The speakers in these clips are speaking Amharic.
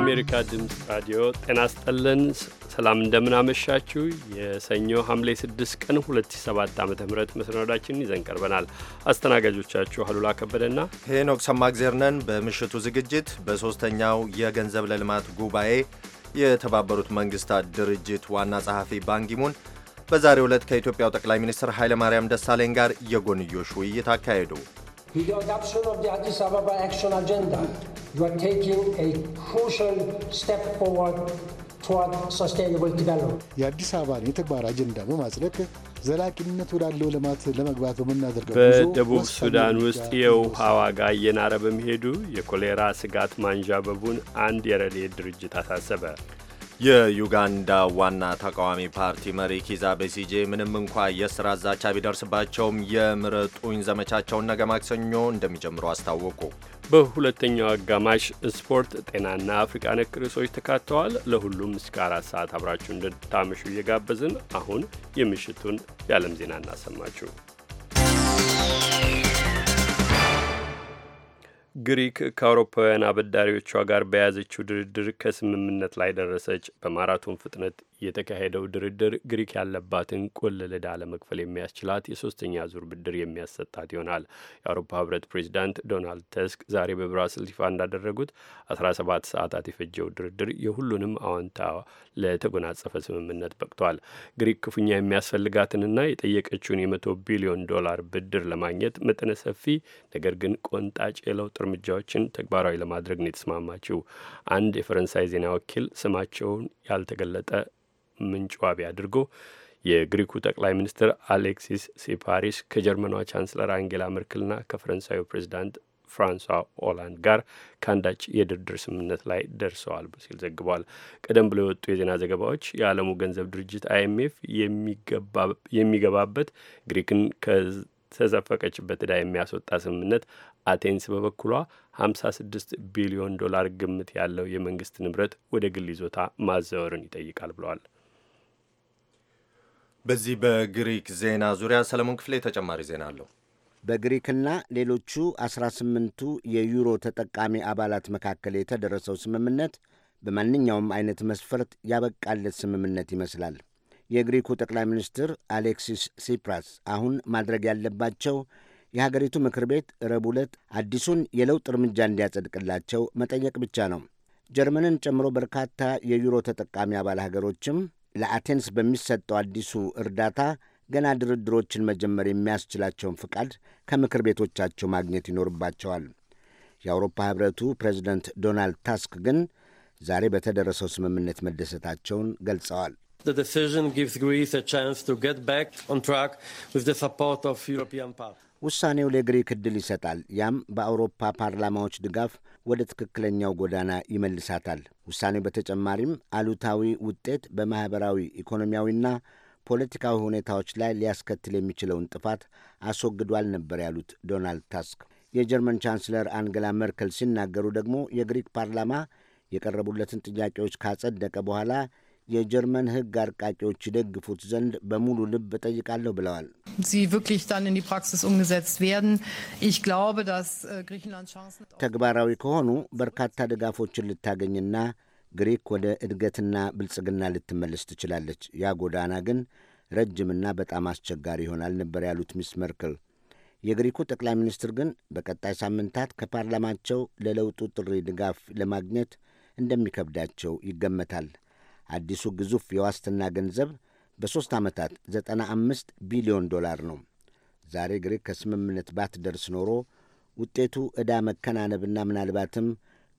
የአሜሪካ ድምፅ ራዲዮ ጤና ስጠልን ሰላም እንደምናመሻችሁ። የሰኞ ሐምሌ 6 ቀን 2007 ዓ ም መሰናዳችንን ይዘን ቀርበናል። አስተናጋጆቻችሁ አሉላ ከበደና ሄኖክ ሰማግዜርነን። በምሽቱ ዝግጅት በሦስተኛው የገንዘብ ለልማት ጉባኤ የተባበሩት መንግስታት ድርጅት ዋና ጸሐፊ ባንኪሙን በዛሬው ዕለት ከኢትዮጵያው ጠቅላይ ሚኒስትር ኃይለማርያም ደሳለኝ ጋር የጎንዮሽ ውይይት አካሄዱ። With the adoption of the Addis Ababa Action Agenda, you are taking a crucial step forward toward sustainable development. የአዲስ አበባን የተግባር አጀንዳ በማጽደቅ ዘላቂነት ወዳለው ልማት ለመግባት በምናደርገው በደቡብ ሱዳን ውስጥ የውሃ ዋጋ እየናረ በመሄዱ የኮሌራ ስጋት ማንዣበቡን አንድ የረድኤት ድርጅት አሳሰበ። የዩጋንዳ ዋና ተቃዋሚ ፓርቲ መሪ ኪዛ ቤሲጄ ምንም እንኳ የስራ ዛቻ ቢደርስባቸውም የምረጡኝ ዘመቻቸውን ነገ ማክሰኞ እንደሚጀምሩ አስታወቁ። በሁለተኛው አጋማሽ ስፖርት፣ ጤናና አፍሪቃ ነክ ርዕሶች ተካተዋል። ለሁሉም እስከ አራት ሰዓት አብራችሁ እንድታመሹ እየጋበዝን አሁን የምሽቱን የዓለም ዜና እናሰማችሁ። ግሪክ ከአውሮፓውያን አበዳሪዎቿ ጋር በያዘችው ድርድር ከስምምነት ላይ ደረሰች። በማራቶን ፍጥነት የተካሄደው ድርድር ግሪክ ያለባትን ቁልል ዕዳ ለመክፈል የሚያስችላት የሶስተኛ ዙር ብድር የሚያሰጣት ይሆናል። የአውሮፓ ህብረት ፕሬዚዳንት ዶናልድ ተስክ ዛሬ በብራስልስ ይፋ እንዳደረጉት 17 ሰዓታት የፈጀው ድርድር የሁሉንም አዋንታ ለተጎናጸፈ ስምምነት በቅቷል። ግሪክ ክፉኛ የሚያስፈልጋትንና የጠየቀችውን የመቶ ቢሊዮን ዶላር ብድር ለማግኘት መጠነ ሰፊ ነገር ግን ቆንጣጭ የለውጥ እርምጃዎችን ተግባራዊ ለማድረግ ነው የተስማማችው። አንድ የፈረንሳይ ዜና ወኪል ስማቸውን ያልተገለጠ ምንጭ ዋቢ አድርጎ የግሪኩ ጠቅላይ ሚኒስትር አሌክሲስ ሲፓሪስ ከጀርመኗ ቻንስለር አንጌላ መርክልና ከፈረንሳዩ ፕሬዚዳንት ፍራንሷ ኦላንድ ጋር ከአንዳች የድርድር ስምምነት ላይ ደርሰዋል ሲል ዘግቧል። ቀደም ብሎ የወጡ የዜና ዘገባዎች የዓለሙ ገንዘብ ድርጅት አይኤምኤፍ የሚገባበት ግሪክን ከተዘፈቀችበት ዕዳ የሚያስወጣ ስምምነት አቴንስ በበኩሏ 56 ቢሊዮን ዶላር ግምት ያለው የመንግስት ንብረት ወደ ግል ይዞታ ማዛወርን ይጠይቃል ብለዋል። በዚህ በግሪክ ዜና ዙሪያ ሰለሞን ክፍሌ ተጨማሪ ዜና አለው። በግሪክና ሌሎቹ 18ቱ የዩሮ ተጠቃሚ አባላት መካከል የተደረሰው ስምምነት በማንኛውም አይነት መስፈርት ያበቃለት ስምምነት ይመስላል። የግሪኩ ጠቅላይ ሚኒስትር አሌክሲስ ሲፕራስ አሁን ማድረግ ያለባቸው የሀገሪቱ ምክር ቤት ረቡዕ ዕለት አዲሱን የለውጥ እርምጃ እንዲያጸድቅላቸው መጠየቅ ብቻ ነው። ጀርመንን ጨምሮ በርካታ የዩሮ ተጠቃሚ አባል ሀገሮችም ለአቴንስ በሚሰጠው አዲሱ እርዳታ ገና ድርድሮችን መጀመር የሚያስችላቸውን ፍቃድ ከምክር ቤቶቻቸው ማግኘት ይኖርባቸዋል። የአውሮፓ ኅብረቱ ፕሬዚደንት ዶናልድ ታስክ ግን ዛሬ በተደረሰው ስምምነት መደሰታቸውን ገልጸዋል። ውሳኔው ለግሪክ ዕድል ይሰጣል። ያም በአውሮፓ ፓርላማዎች ድጋፍ ወደ ትክክለኛው ጎዳና ይመልሳታል። ውሳኔው በተጨማሪም አሉታዊ ውጤት በማኅበራዊ ኢኮኖሚያዊና ፖለቲካዊ ሁኔታዎች ላይ ሊያስከትል የሚችለውን ጥፋት አስወግዷል ነበር ያሉት ዶናልድ ታስክ። የጀርመን ቻንስለር አንገላ መርከል ሲናገሩ ደግሞ የግሪክ ፓርላማ የቀረቡለትን ጥያቄዎች ካጸደቀ በኋላ የጀርመን ሕግ አርቃቂዎች ይደግፉት ዘንድ በሙሉ ልብ እጠይቃለሁ ብለዋል። äh, ተግባራዊ ከሆኑ በርካታ ድጋፎችን ልታገኝና ግሪክ ወደ እድገትና ብልጽግና ልትመለስ ትችላለች። ያ ጎዳና ግን ረጅምና በጣም አስቸጋሪ ይሆናል ነበር ያሉት ሚስ መርክል። የግሪኩ ጠቅላይ ሚኒስትር ግን በቀጣይ ሳምንታት ከፓርላማቸው ለለውጡ ጥሪ ድጋፍ ለማግኘት እንደሚከብዳቸው ይገመታል። አዲሱ ግዙፍ የዋስትና ገንዘብ በሦስት ዓመታት 95 ቢሊዮን ዶላር ነው። ዛሬ ግሪክ ከስምምነት ባትደርስ ኖሮ ውጤቱ ዕዳ መከናነብና ምናልባትም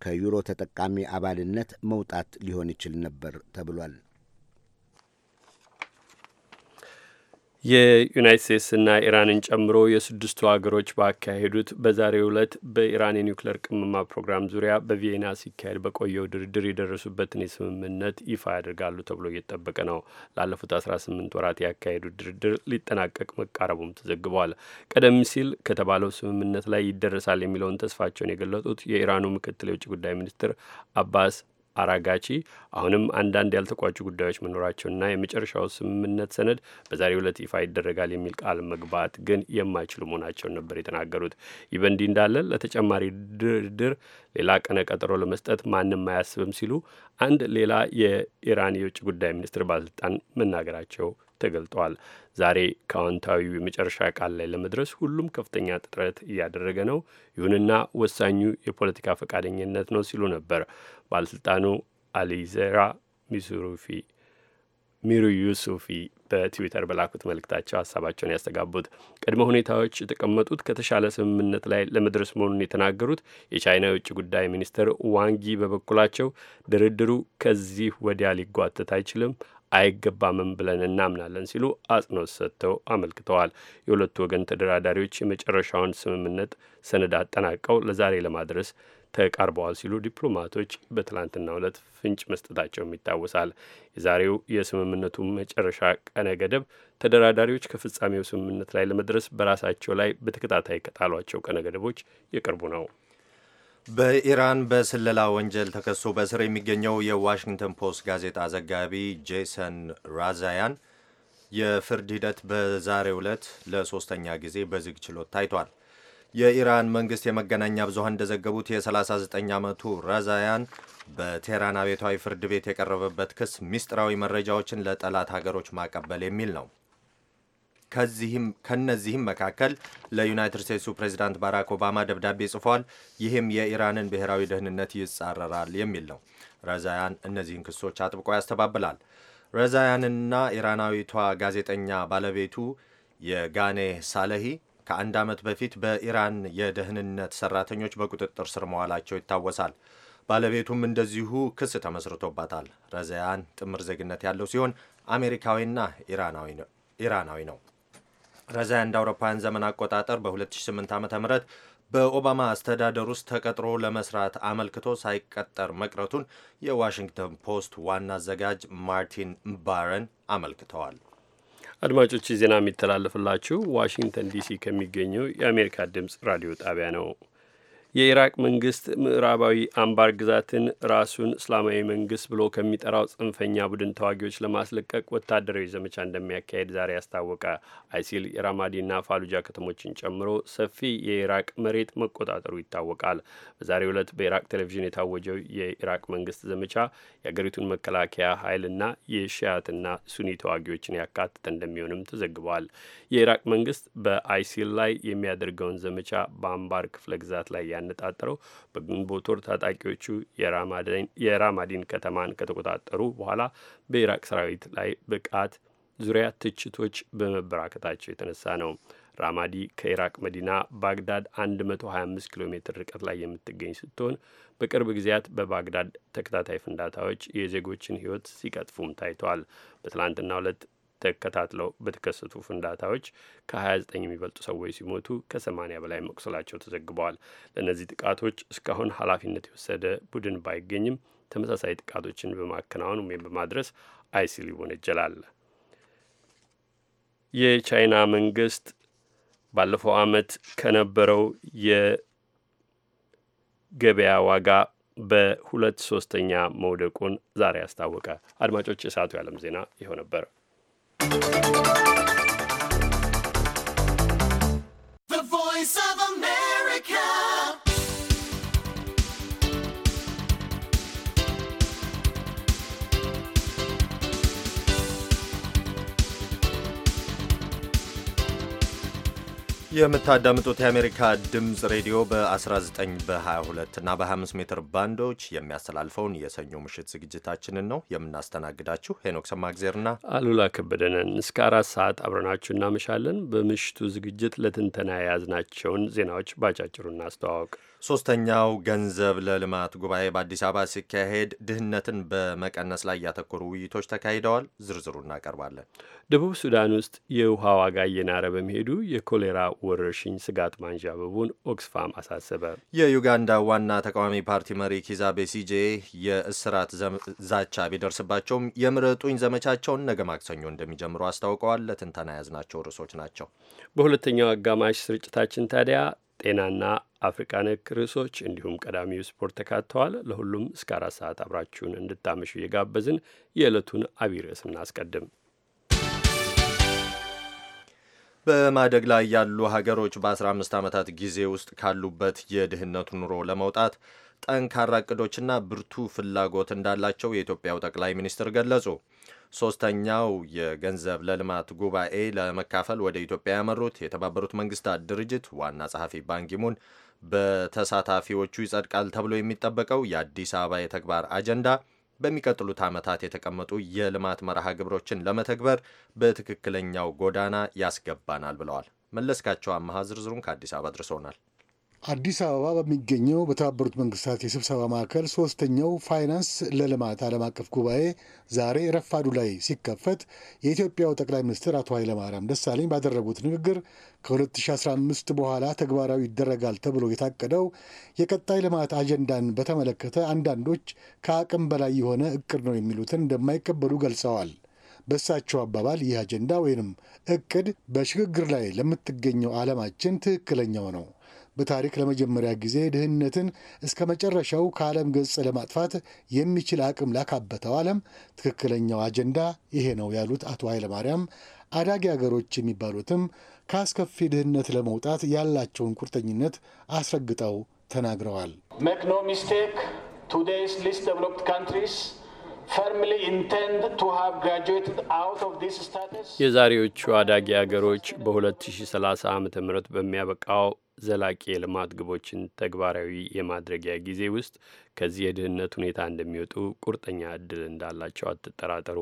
ከዩሮ ተጠቃሚ አባልነት መውጣት ሊሆን ይችል ነበር ተብሏል። የዩናይት ስቴትስና ኢራንን ጨምሮ የስድስቱ ሀገሮች ባካሄዱት በዛሬው ዕለት በኢራን የኒውክሌር ቅመማ ፕሮግራም ዙሪያ በቪየና ሲካሄድ በቆየው ድርድር የደረሱበትን የስምምነት ይፋ ያደርጋሉ ተብሎ እየተጠበቀ ነው። ላለፉት 18 ወራት ያካሄዱት ድርድር ሊጠናቀቅ መቃረቡም ተዘግቧል። ቀደም ሲል ከተባለው ስምምነት ላይ ይደረሳል የሚለውን ተስፋቸውን የገለጡት የኢራኑ ምክትል የውጭ ጉዳይ ሚኒስትር አባስ አራጋቺ አሁንም አንዳንድ ያልተቋጩ ጉዳዮች መኖራቸውና የመጨረሻው ስምምነት ሰነድ በዛሬው ዕለት ይፋ ይደረጋል የሚል ቃል መግባት ግን የማይችሉ መሆናቸውን ነበር የተናገሩት። ይህ በእንዲህ እንዳለ ለተጨማሪ ድርድር ሌላ ቀነ ቀጠሮ ለመስጠት ማንም አያስብም ሲሉ አንድ ሌላ የኢራን የውጭ ጉዳይ ሚኒስትር ባለስልጣን መናገራቸው ተገልጧል። ዛሬ ከአዎንታዊው የመጨረሻ ቃል ላይ ለመድረስ ሁሉም ከፍተኛ ጥረት እያደረገ ነው። ይሁንና ወሳኙ የፖለቲካ ፈቃደኝነት ነው ሲሉ ነበር ባለስልጣኑ አሊዘራ ሚሱሩፊ ሚሩ ዩሱፊ በትዊተር በላኩት መልእክታቸው ሀሳባቸውን ያስተጋቡት። ቅድመ ሁኔታዎች የተቀመጡት ከተሻለ ስምምነት ላይ ለመድረስ መሆኑን የተናገሩት የቻይና የውጭ ጉዳይ ሚኒስትር ዋንጊ በበኩላቸው ድርድሩ ከዚህ ወዲያ ሊጓተት አይችልም፣ አይገባምም ብለን እናምናለን ሲሉ አጽንኦት ሰጥተው አመልክተዋል። የሁለቱ ወገን ተደራዳሪዎች የመጨረሻውን ስምምነት ሰነድ አጠናቀው ለዛሬ ለማድረስ ተቃርበዋል ሲሉ ዲፕሎማቶች በትላንትና ዕለት ፍንጭ መስጠታቸውም ይታወሳል። የዛሬው የስምምነቱ መጨረሻ ቀነ ገደብ ተደራዳሪዎች ከፍጻሜው ስምምነት ላይ ለመድረስ በራሳቸው ላይ በተከታታይ ከጣሏቸው ቀነ ገደቦች የቅርቡ ነው። በኢራን በስለላ ወንጀል ተከሶ በእስር የሚገኘው የዋሽንግተን ፖስት ጋዜጣ ዘጋቢ ጄሰን ራዛያን የፍርድ ሂደት በዛሬ ዕለት ለሶስተኛ ጊዜ በዝግ ችሎት ታይቷል። የኢራን መንግስት የመገናኛ ብዙሃን እንደዘገቡት የ39 ዓመቱ ራዛያን በቴህራን አቤታዊ ፍርድ ቤት የቀረበበት ክስ ሚስጥራዊ መረጃዎችን ለጠላት ሀገሮች ማቀበል የሚል ነው። ከዚህም ከነዚህም መካከል ለዩናይትድ ስቴትሱ ፕሬዚዳንት ባራክ ኦባማ ደብዳቤ ጽፏል። ይህም የኢራንን ብሔራዊ ደህንነት ይጻረራል የሚል ነው። ረዛያን እነዚህን ክሶች አጥብቆ ያስተባብላል። ረዛያንና ኢራናዊቷ ጋዜጠኛ ባለቤቱ የጋኔ ሳለሂ ከአንድ ዓመት በፊት በኢራን የደህንነት ሰራተኞች በቁጥጥር ስር መዋላቸው ይታወሳል። ባለቤቱም እንደዚሁ ክስ ተመስርቶባታል። ረዛያን ጥምር ዜግነት ያለው ሲሆን አሜሪካዊና ኢራናዊ ነው። ረዛ እንደ አውሮፓውያን ዘመን አቆጣጠር በ2008 ዓ ም በኦባማ አስተዳደር ውስጥ ተቀጥሮ ለመስራት አመልክቶ ሳይቀጠር መቅረቱን የዋሽንግተን ፖስት ዋና አዘጋጅ ማርቲን ባረን አመልክተዋል። አድማጮች ዜና የሚተላለፍላችሁ ዋሽንግተን ዲሲ ከሚገኘው የአሜሪካ ድምፅ ራዲዮ ጣቢያ ነው። የኢራቅ መንግስት ምዕራባዊ አምባር ግዛትን ራሱን እስላማዊ መንግስት ብሎ ከሚጠራው ጽንፈኛ ቡድን ተዋጊዎች ለማስለቀቅ ወታደራዊ ዘመቻ እንደሚያካሄድ ዛሬ አስታወቀ። አይሲል የራማዲና ፋሉጃ ከተሞችን ጨምሮ ሰፊ የኢራቅ መሬት መቆጣጠሩ ይታወቃል። በዛሬው ዕለት በኢራቅ ቴሌቪዥን የታወጀው የኢራቅ መንግስት ዘመቻ የአገሪቱን መከላከያ ኃይልና የሺያትና ሱኒ ተዋጊዎችን ያካትተ እንደሚሆንም ተዘግቧል። የኢራቅ መንግስት በአይሲል ላይ የሚያደርገውን ዘመቻ በአምባር ክፍለ ግዛት ላይ ያነጣጠረው በግንቦት ወር ታጣቂዎቹ የራማዲን ከተማን ከተቆጣጠሩ በኋላ በኢራቅ ሰራዊት ላይ ብቃት ዙሪያ ትችቶች በመበራከታቸው የተነሳ ነው። ራማዲ ከኢራቅ መዲና ባግዳድ 125 ኪሎ ሜትር ርቀት ላይ የምትገኝ ስትሆን በቅርብ ጊዜያት በባግዳድ ተከታታይ ፍንዳታዎች የዜጎችን ሕይወት ሲቀጥፉም ታይተዋል። በትላንትና ሁለት ተከታትለው በተከሰቱ ፍንዳታዎች ከ29 የሚበልጡ ሰዎች ሲሞቱ ከ80 በላይ መቁሰላቸው ተዘግበዋል። ለእነዚህ ጥቃቶች እስካሁን ኃላፊነት የወሰደ ቡድን ባይገኝም ተመሳሳይ ጥቃቶችን በማከናወን ወይም በማድረስ አይሲል ይወነጀላል። የቻይና መንግስት ባለፈው ዓመት ከነበረው የገበያ ዋጋ በሁለት ሶስተኛ መውደቁን ዛሬ አስታወቀ። አድማጮች፣ የሰዓቱ የዓለም ዜና ይኸው ነበር። Thank you. የምታዳምጡት የአሜሪካ ድምፅ ሬዲዮ በ19 በ22 እና በ25 ሜትር ባንዶች የሚያስተላልፈውን የሰኞ ምሽት ዝግጅታችንን ነው የምናስተናግዳችሁ ሄኖክ ሰማግዜርና አሉላ ከበደነን እስከ አራት ሰዓት አብረናችሁ እናመሻለን። በምሽቱ ዝግጅት ለትንተና የያዝናቸውን ዜናዎች ባጫጭሩ እናስተዋወቅ። ሶስተኛው ገንዘብ ለልማት ጉባኤ በአዲስ አበባ ሲካሄድ ድህነትን በመቀነስ ላይ ያተኮሩ ውይይቶች ተካሂደዋል። ዝርዝሩ እናቀርባለን። ደቡብ ሱዳን ውስጥ የውሃ ዋጋ እየናረ በመሄዱ የኮሌራ ወረርሽኝ ስጋት ማንዣበቡን ኦክስፋም አሳሰበ። የዩጋንዳ ዋና ተቃዋሚ ፓርቲ መሪ ኪዛ ቤሲጄ የእስራት ዛቻ ቢደርስባቸውም የምረጡኝ ዘመቻቸውን ነገ ማክሰኞ እንደሚጀምሩ አስታውቀዋል። ለትንተና የያዝናቸው ርዕሶች ናቸው። በሁለተኛው አጋማሽ ስርጭታችን ታዲያ ጤናና አፍሪካ ነክ ርዕሶች እንዲሁም ቀዳሚው ስፖርት ተካተዋል። ለሁሉም እስከ አራት ሰዓት አብራችሁን እንድታመሹ የጋበዝን የዕለቱን አቢይ ርዕስ እናስቀድም። በማደግ ላይ ያሉ ሀገሮች በ15 ዓመታት ጊዜ ውስጥ ካሉበት የድህነት ኑሮ ለመውጣት ጠንካራ እቅዶችና ብርቱ ፍላጎት እንዳላቸው የኢትዮጵያው ጠቅላይ ሚኒስትር ገለጹ። ሶስተኛው የገንዘብ ለልማት ጉባኤ ለመካፈል ወደ ኢትዮጵያ ያመሩት የተባበሩት መንግስታት ድርጅት ዋና ጸሐፊ ባንኪሙን በተሳታፊዎቹ ይጸድቃል ተብሎ የሚጠበቀው የአዲስ አበባ የተግባር አጀንዳ በሚቀጥሉት ዓመታት የተቀመጡ የልማት መርሃ ግብሮችን ለመተግበር በትክክለኛው ጎዳና ያስገባናል ብለዋል። መለስካቸው አመሃ ዝርዝሩን ከአዲስ አበባ ድርሶናል። አዲስ አበባ በሚገኘው በተባበሩት መንግስታት የስብሰባ ማዕከል ሶስተኛው ፋይናንስ ለልማት ዓለም አቀፍ ጉባኤ ዛሬ ረፋዱ ላይ ሲከፈት የኢትዮጵያው ጠቅላይ ሚኒስትር አቶ ኃይለማርያም ደሳለኝ ባደረጉት ንግግር ከ2015 በኋላ ተግባራዊ ይደረጋል ተብሎ የታቀደው የቀጣይ ልማት አጀንዳን በተመለከተ አንዳንዶች ከአቅም በላይ የሆነ እቅድ ነው የሚሉትን እንደማይቀበሉ ገልጸዋል። በእሳቸው አባባል ይህ አጀንዳ ወይንም እቅድ በሽግግር ላይ ለምትገኘው ዓለማችን ትክክለኛው ነው በታሪክ ለመጀመሪያ ጊዜ ድህነትን እስከ መጨረሻው ከዓለም ገጽ ለማጥፋት የሚችል አቅም ላካበተው ዓለም ትክክለኛው አጀንዳ ይሄ ነው ያሉት አቶ ኃይለማርያም አዳጊ አገሮች የሚባሉትም ከአስከፊ ድህነት ለመውጣት ያላቸውን ቁርጠኝነት አስረግጠው ተናግረዋል። ሜክ ኖ ሚስቴክ ቱዴይስ ሊስት ዴቨሎፕድ ካንትሪስ የዛሬዎቹ አዳጊ አገሮች በ2030 ዓ ም በሚያበቃው ዘላቂ የልማት ግቦችን ተግባራዊ የማድረጊያ ጊዜ ውስጥ ከዚህ የድህነት ሁኔታ እንደሚወጡ ቁርጠኛ እድል እንዳላቸው አትጠራጠሩ።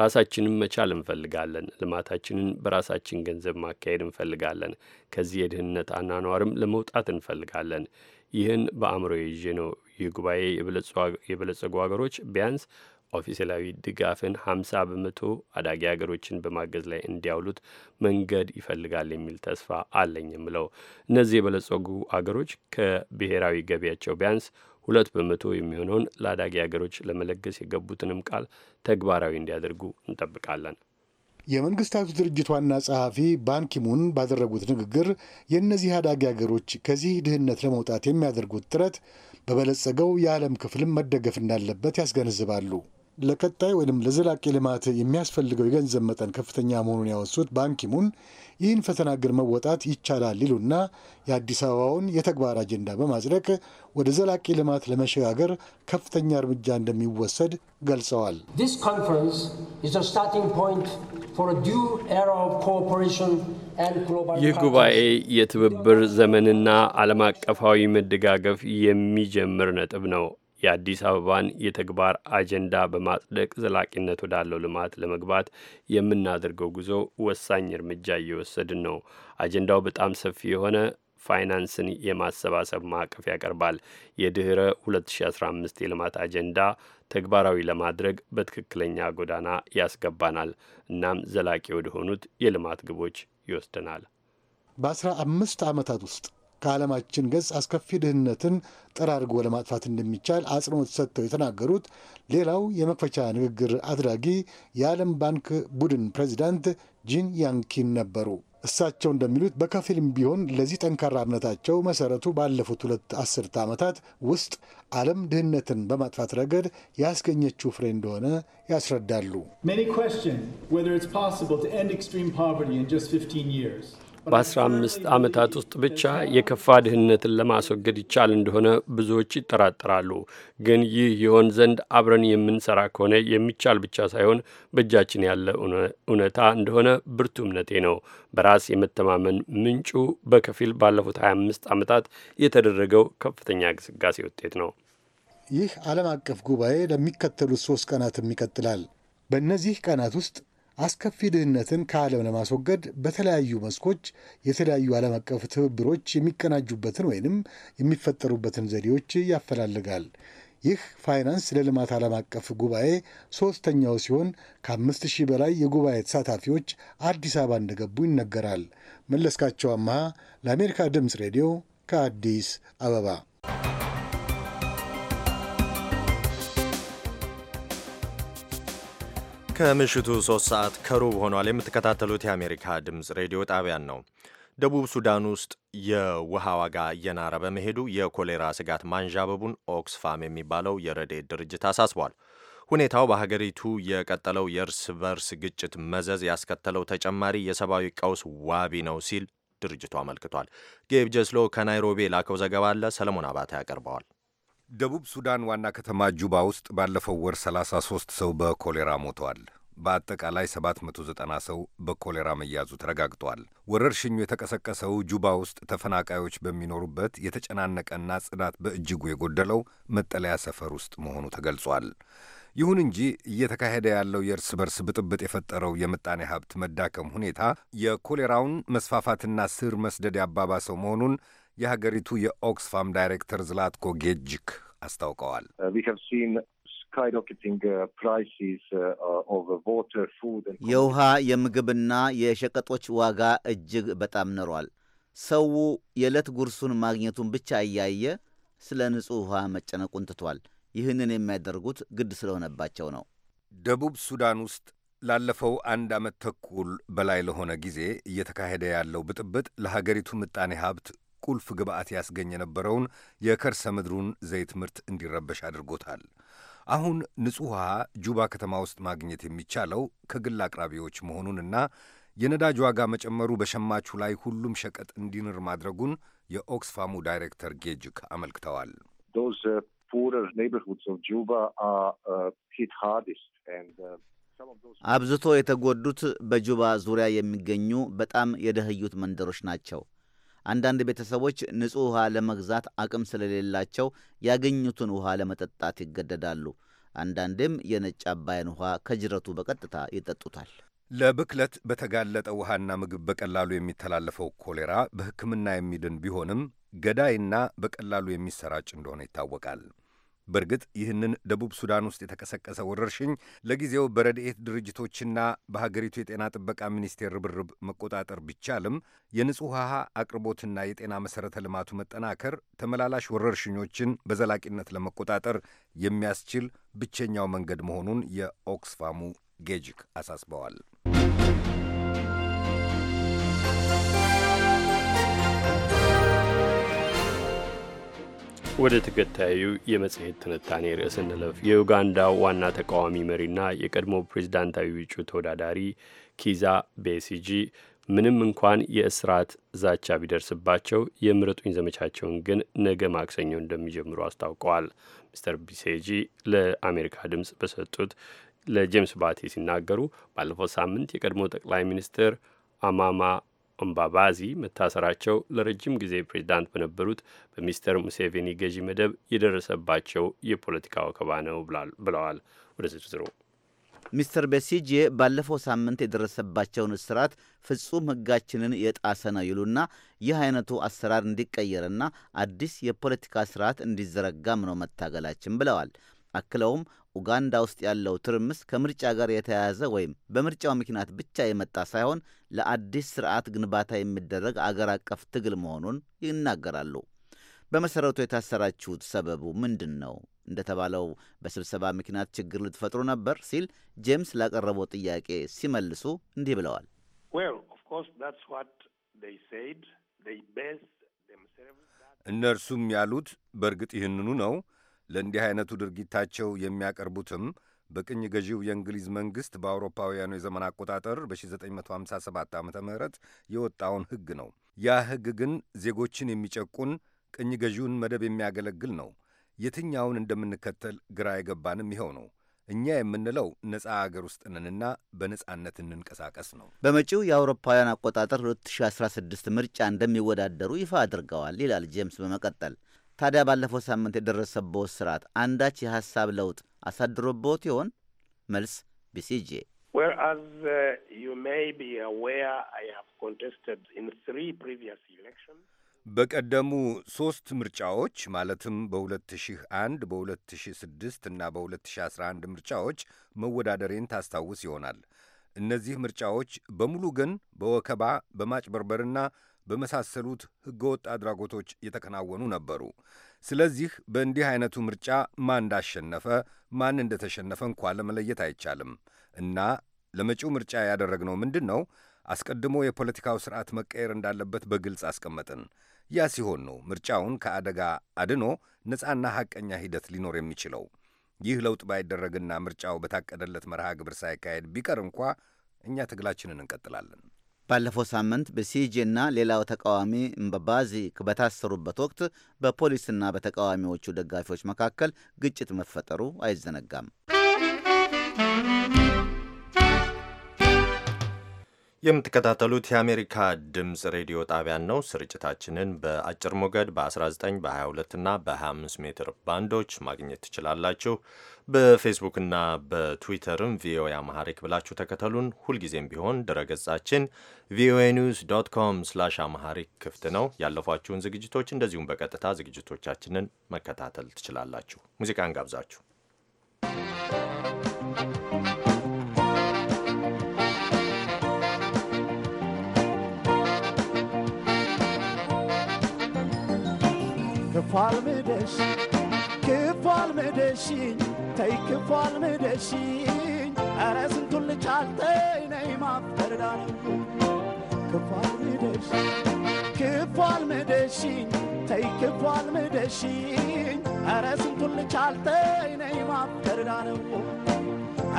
ራሳችንን መቻል እንፈልጋለን። ልማታችንን በራሳችን ገንዘብ ማካሄድ እንፈልጋለን። ከዚህ የድህነት አናኗርም ለመውጣት እንፈልጋለን። ይህን በአእምሮ ይዤ ነው ይህ ጉባኤ የበለጸጉ ሀገሮች ቢያንስ ኦፊሴላዊ ድጋፍን ሀምሳ በመቶ አዳጊ ሀገሮችን በማገዝ ላይ እንዲያውሉት መንገድ ይፈልጋል የሚል ተስፋ አለኝ የምለው እነዚህ የበለጸጉ አገሮች ከብሔራዊ ገቢያቸው ቢያንስ ሁለት በመቶ የሚሆነውን ለአዳጊ ሀገሮች ለመለገስ የገቡትንም ቃል ተግባራዊ እንዲያደርጉ እንጠብቃለን። የመንግስታቱ ድርጅት ዋና ጸሐፊ ባንኪሙን ባደረጉት ንግግር የእነዚህ አዳጊ ሀገሮች ከዚህ ድህነት ለመውጣት የሚያደርጉት ጥረት በበለጸገው የዓለም ክፍልም መደገፍ እንዳለበት ያስገነዝባሉ። ለቀጣይ ወይም ለዘላቂ ልማት የሚያስፈልገው የገንዘብ መጠን ከፍተኛ መሆኑን ያወሱት ባንኪሙን ይህን ፈተና ግን መወጣት ይቻላል ይሉና የአዲስ አበባውን የተግባር አጀንዳ በማጽደቅ ወደ ዘላቂ ልማት ለመሸጋገር ከፍተኛ እርምጃ እንደሚወሰድ ገልጸዋል። ይህ ጉባኤ የትብብር ዘመንና ዓለም አቀፋዊ መደጋገፍ የሚጀምር ነጥብ ነው። የአዲስ አበባን የተግባር አጀንዳ በማጽደቅ ዘላቂነት ወዳለው ልማት ለመግባት የምናደርገው ጉዞ ወሳኝ እርምጃ እየወሰድን ነው። አጀንዳው በጣም ሰፊ የሆነ ፋይናንስን የማሰባሰብ ማዕቀፍ ያቀርባል። የድኅረ 2015 የልማት አጀንዳ ተግባራዊ ለማድረግ በትክክለኛ ጎዳና ያስገባናል። እናም ዘላቂ ወደሆኑት የልማት ግቦች ይወስደናል። በአስራ አምስት ዓመታት ውስጥ ከዓለማችን ገጽ አስከፊ ድህነትን ጠራርጎ ለማጥፋት እንደሚቻል አጽንኦት ሰጥተው የተናገሩት ሌላው የመክፈቻ ንግግር አድራጊ የዓለም ባንክ ቡድን ፕሬዚዳንት ጂን ያንኪን ነበሩ። እሳቸው እንደሚሉት በከፊልም ቢሆን ለዚህ ጠንካራ እምነታቸው መሰረቱ ባለፉት ሁለት አስርተ ዓመታት ውስጥ ዓለም ድህነትን በማጥፋት ረገድ ያስገኘችው ፍሬ እንደሆነ ያስረዳሉ። በ15 ዓመታት ውስጥ ብቻ የከፋ ድህነትን ለማስወገድ ይቻል እንደሆነ ብዙዎች ይጠራጠራሉ። ግን ይህ ይሆን ዘንድ አብረን የምንሰራ ከሆነ የሚቻል ብቻ ሳይሆን በእጃችን ያለ እውነታ እንደሆነ ብርቱ እምነቴ ነው። በራስ የመተማመን ምንጩ በከፊል ባለፉት 25 ዓመታት የተደረገው ከፍተኛ ግስጋሴ ውጤት ነው። ይህ ዓለም አቀፍ ጉባኤ ለሚከተሉት ሶስት ቀናትም ይቀጥላል። በእነዚህ ቀናት ውስጥ አስከፊ ድህነትን ከዓለም ለማስወገድ በተለያዩ መስኮች የተለያዩ ዓለም አቀፍ ትብብሮች የሚቀናጁበትን ወይንም የሚፈጠሩበትን ዘዴዎች ያፈላልጋል። ይህ ፋይናንስ ለልማት ዓለም አቀፍ ጉባኤ ሦስተኛው ሲሆን ከአምስት ሺህ በላይ የጉባኤ ተሳታፊዎች አዲስ አበባ እንደገቡ ይነገራል። መለስካቸው አመሃ ለአሜሪካ ድምፅ ሬዲዮ ከአዲስ አበባ ከምሽቱ 3 ሰዓት ከሩብ ሆኗል። የምትከታተሉት የአሜሪካ ድምፅ ሬዲዮ ጣቢያን ነው። ደቡብ ሱዳን ውስጥ የውሃ ዋጋ እየናረ በመሄዱ የኮሌራ ስጋት ማንዣበቡን ኦክስፋም የሚባለው የረድኤት ድርጅት አሳስቧል። ሁኔታው በሀገሪቱ የቀጠለው የእርስ በርስ ግጭት መዘዝ ያስከተለው ተጨማሪ የሰብአዊ ቀውስ ዋቢ ነው ሲል ድርጅቱ አመልክቷል። ጌብ ጀስሎ ከናይሮቢ ላከው ዘገባ አለ። ሰለሞን አባተ ያቀርበዋል። ደቡብ ሱዳን ዋና ከተማ ጁባ ውስጥ ባለፈው ወር 33 ሰው በኮሌራ ሞተዋል። በአጠቃላይ 790 ሰው በኮሌራ መያዙ ተረጋግጧል። ወረርሽኙ የተቀሰቀሰው ጁባ ውስጥ ተፈናቃዮች በሚኖሩበት የተጨናነቀና ጽዳት በእጅጉ የጎደለው መጠለያ ሰፈር ውስጥ መሆኑ ተገልጿል። ይሁን እንጂ እየተካሄደ ያለው የእርስ በርስ ብጥብጥ የፈጠረው የምጣኔ ሀብት መዳከም ሁኔታ የኮሌራውን መስፋፋትና ስር መስደድ ያባባሰው መሆኑን የሀገሪቱ የኦክስፋም ዳይሬክተር ዝላትኮ ጌጅክ አስታውቀዋል። uh, uh, uh, የውሃ የምግብና የሸቀጦች ዋጋ እጅግ በጣም ንሯል። ሰው የዕለት ጉርሱን ማግኘቱን ብቻ እያየ ስለ ንጹሕ ውሃ መጨነቁን ትቷል። ይህንን የሚያደርጉት ግድ ስለሆነባቸው ነው። ደቡብ ሱዳን ውስጥ ላለፈው አንድ ዓመት ተኩል በላይ ለሆነ ጊዜ እየተካሄደ ያለው ብጥብጥ ለሀገሪቱ ምጣኔ ሀብት ቁልፍ ግብአት ያስገኝ የነበረውን የከርሰ ምድሩን ዘይት ምርት እንዲረበሽ አድርጎታል። አሁን ንጹሕ ውሃ ጁባ ከተማ ውስጥ ማግኘት የሚቻለው ከግል አቅራቢዎች መሆኑንና የነዳጅ ዋጋ መጨመሩ በሸማቹ ላይ ሁሉም ሸቀጥ እንዲንር ማድረጉን የኦክስፋሙ ዳይሬክተር ጌጅክ አመልክተዋል። uh, uh, uh, አብዝቶ የተጎዱት በጁባ ዙሪያ የሚገኙ በጣም የደህዩት መንደሮች ናቸው። አንዳንድ ቤተሰቦች ንጹሕ ውሃ ለመግዛት አቅም ስለሌላቸው ያገኙትን ውሃ ለመጠጣት ይገደዳሉ። አንዳንዴም የነጭ አባይን ውሃ ከጅረቱ በቀጥታ ይጠጡታል። ለብክለት በተጋለጠ ውሃና ምግብ በቀላሉ የሚተላለፈው ኮሌራ በሕክምና የሚድን ቢሆንም ገዳይና በቀላሉ የሚሰራጭ እንደሆነ ይታወቃል። በእርግጥ ይህንን ደቡብ ሱዳን ውስጥ የተቀሰቀሰ ወረርሽኝ ለጊዜው በረድኤት ድርጅቶችና በሀገሪቱ የጤና ጥበቃ ሚኒስቴር ርብርብ መቆጣጠር ቢቻልም የንጹሕ ውሃ አቅርቦትና የጤና መሠረተ ልማቱ መጠናከር ተመላላሽ ወረርሽኞችን በዘላቂነት ለመቆጣጠር የሚያስችል ብቸኛው መንገድ መሆኑን የኦክስፋሙ ጌጅክ አሳስበዋል። ወደ ተከታዩ የመጽሔት ትንታኔ ርዕስ እንለፍ። የኡጋንዳ ዋና ተቃዋሚ መሪና የቀድሞ ፕሬዚዳንታዊ እጩ ተወዳዳሪ ኪዛ ቤሲጂ ምንም እንኳን የእስራት ዛቻ ቢደርስባቸው የምረጡኝ ዘመቻቸውን ግን ነገ ማክሰኞ እንደሚጀምሩ አስታውቀዋል። ሚስተር ቢሴጂ ለአሜሪካ ድምፅ በሰጡት ለጄምስ ባቲ ሲናገሩ ባለፈው ሳምንት የቀድሞ ጠቅላይ ሚኒስትር አማማ ኦምባባዚ መታሰራቸው ለረጅም ጊዜ ፕሬዚዳንት በነበሩት በሚስተር ሙሴቬኒ ገዢ መደብ የደረሰባቸው የፖለቲካ ወከባ ነው ብለዋል። ወደ ዝርዝሩ ሚስተር ቤሲጄ ባለፈው ሳምንት የደረሰባቸውን እስራት ፍጹም ሕጋችንን የጣሰ ነው ይሉና ይህ አይነቱ አሰራር እንዲቀየርና አዲስ የፖለቲካ ስርዓት እንዲዘረጋም ነው መታገላችን ብለዋል። አክለውም ኡጋንዳ ውስጥ ያለው ትርምስ ከምርጫ ጋር የተያያዘ ወይም በምርጫው ምክንያት ብቻ የመጣ ሳይሆን ለአዲስ ስርዓት ግንባታ የሚደረግ አገር አቀፍ ትግል መሆኑን ይናገራሉ። በመሰረቱ የታሰራችሁት ሰበቡ ምንድን ነው? እንደተባለው በስብሰባ ምክንያት ችግር ልትፈጥሩ ነበር ሲል ጄምስ ላቀረበው ጥያቄ ሲመልሱ እንዲህ ብለዋል። እነርሱም ያሉት በእርግጥ ይህንኑ ነው። ለእንዲህ አይነቱ ድርጊታቸው የሚያቀርቡትም በቅኝ ገዢው የእንግሊዝ መንግሥት በአውሮፓውያኑ የዘመን አቆጣጠር በ1957 ዓ ም የወጣውን ሕግ ነው። ያ ሕግ ግን ዜጎችን የሚጨቁን ቅኝ ገዢውን መደብ የሚያገለግል ነው። የትኛውን እንደምንከተል ግራ የገባንም ይኸው ነው። እኛ የምንለው ነፃ አገር ውስጥ ነንና በነፃነት እንንቀሳቀስ ነው። በመጪው የአውሮፓውያን አቆጣጠር 2016 ምርጫ እንደሚወዳደሩ ይፋ አድርገዋል ይላል ጄምስ በመቀጠል ታዲያ ባለፈው ሳምንት የደረሰበት ስርዓት አንዳች የሀሳብ ለውጥ አሳድሮበት ይሆን? መልስ ቢሲጄ uh, በቀደሙ ሦስት ምርጫዎች ማለትም በ2001 በ2006 እና በ2011 ምርጫዎች መወዳደሬን ታስታውስ ይሆናል። እነዚህ ምርጫዎች በሙሉ ግን በወከባ በማጭበርበርና በመሳሰሉት ህገወጥ አድራጎቶች የተከናወኑ ነበሩ። ስለዚህ በእንዲህ አይነቱ ምርጫ ማን እንዳሸነፈ ማን እንደተሸነፈ እንኳ ለመለየት አይቻልም እና ለመጪው ምርጫ ያደረግነው ምንድን ነው? አስቀድሞ የፖለቲካው ስርዓት መቀየር እንዳለበት በግልጽ አስቀመጥን። ያ ሲሆን ነው ምርጫውን ከአደጋ አድኖ ነፃና ሐቀኛ ሂደት ሊኖር የሚችለው። ይህ ለውጥ ባይደረግና ምርጫው በታቀደለት መርሃ ግብር ሳይካሄድ ቢቀር እንኳ እኛ ትግላችንን እንቀጥላለን። ባለፈው ሳምንት በሲጄና ሌላው ተቃዋሚ እምበባዚ በታሰሩበት ወቅት በፖሊስና በተቃዋሚዎቹ ደጋፊዎች መካከል ግጭት መፈጠሩ አይዘነጋም። የምትከታተሉት የአሜሪካ ድምፅ ሬዲዮ ጣቢያን ነው። ስርጭታችንን በአጭር ሞገድ በ19 በ22 እና በ25 ሜትር ባንዶች ማግኘት ትችላላችሁ። በፌስቡክና በትዊተርም ቪኦኤ አማሐሪክ ብላችሁ ተከተሉን። ሁልጊዜም ቢሆን ድረገጻችን ቪኦኤ ኒውስ ዶት ኮም ስላሽ አማሐሪክ ክፍት ነው። ያለፏችሁን ዝግጅቶች እንደዚሁም በቀጥታ ዝግጅቶቻችንን መከታተል ትችላላችሁ። ሙዚቃን ጋብዛችሁ ክፋል ምደሽ ክፋል ምደሽኝ ተይ ክፋል ምደሽኝ ኧረ ስንቱን ልቻልተይ ነይ ማፍቀርዳነ ክፋል ምደሽ ክፋል ምደሽኝ ተይ ክፋል ምደሽኝ ኧረ ስንቱን ልቻልተይ ነይ ማፍቀርዳነው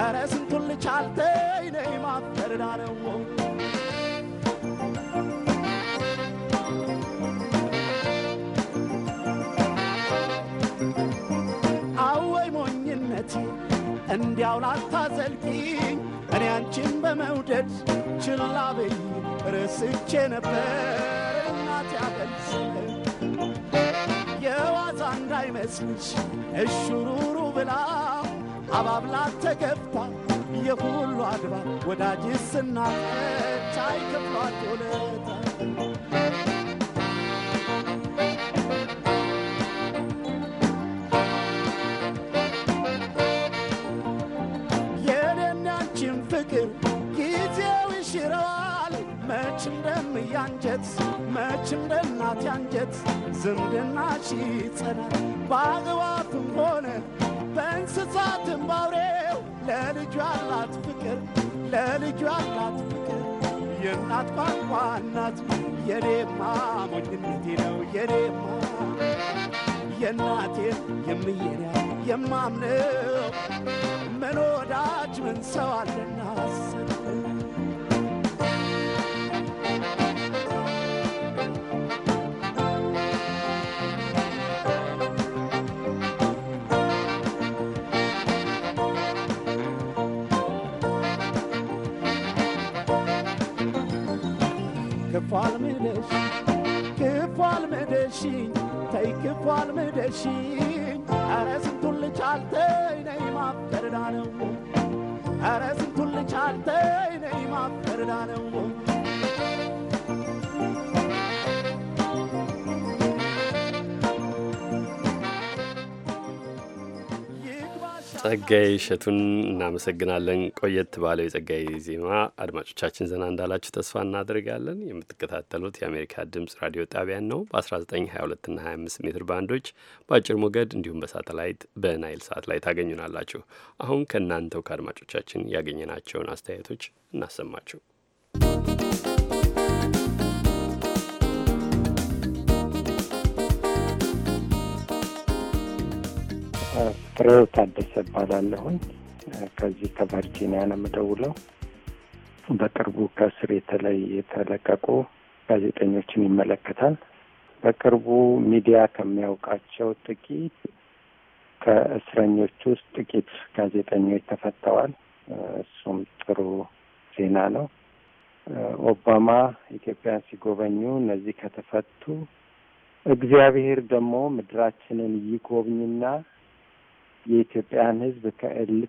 ኧረ ስንቱን ልቻልተይ ነይ ማፍቀርዳነው እንዲያው ላታዘልቂኝ እኔ አንቺን በመውደድ ችላ በይ ረስቼ ነበር እናት ያበልስ የዋዛ እንዳይመስልሽ እሹሩሩ ብላ አባብላ ተገብታ የሁሉ አድባ ወዳጅስና እናት ቻይ ክፍሏት ውለታ አንጀት መች እንደ እናት ያንጀት ዝምድናሽ ይጸናል ሆነ በእንስሳትም ባውሬው ለልጁ ያላት ፍቅር ለልጁ ያላት ፍቅር የእናት ቋንቋ እናት የኔማ ሞኝነቴ ነው የኔማ የእናቴ የምየሪያ የማምነው መኖዳጅ ምን ሰው አለና ብለሽ ክፏል መደሽኝ ተይ ክፏል መደሽኝ አረ ስንቱን ልቻልተይ ነይ ማፍቀርዳ ነው አረ ስንቱን ልቻልተይ ነይ ማፍቀርዳ ነው ጸጋይ እሸቱን እናመሰግናለን። ቆየት ባለው የጸጋይ ዜማ አድማጮቻችን ዘና እንዳላችሁ ተስፋ እናደርጋለን። የምትከታተሉት የአሜሪካ ድምፅ ራዲዮ ጣቢያን ነው። በ1922 እና 25 ሜትር ባንዶች በአጭር ሞገድ እንዲሁም በሳተላይት በናይል ሳት ላይ ታገኙናላችሁ። አሁን ከእናንተው ከአድማጮቻችን ያገኘናቸውን አስተያየቶች እናሰማችሁ። ፍሬው ታደሰ እባላለሁኝ። ከዚህ ከቨርጂኒያ ነው የምደውለው። በቅርቡ ከእስር የተለይ የተለቀቁ ጋዜጠኞችን ይመለከታል። በቅርቡ ሚዲያ ከሚያውቃቸው ጥቂት ከእስረኞች ውስጥ ጥቂት ጋዜጠኞች ተፈተዋል። እሱም ጥሩ ዜና ነው። ኦባማ ኢትዮጵያን ሲጎበኙ እነዚህ ከተፈቱ እግዚአብሔር ደግሞ ምድራችንን ይጎብኝና የኢትዮጵያን ሕዝብ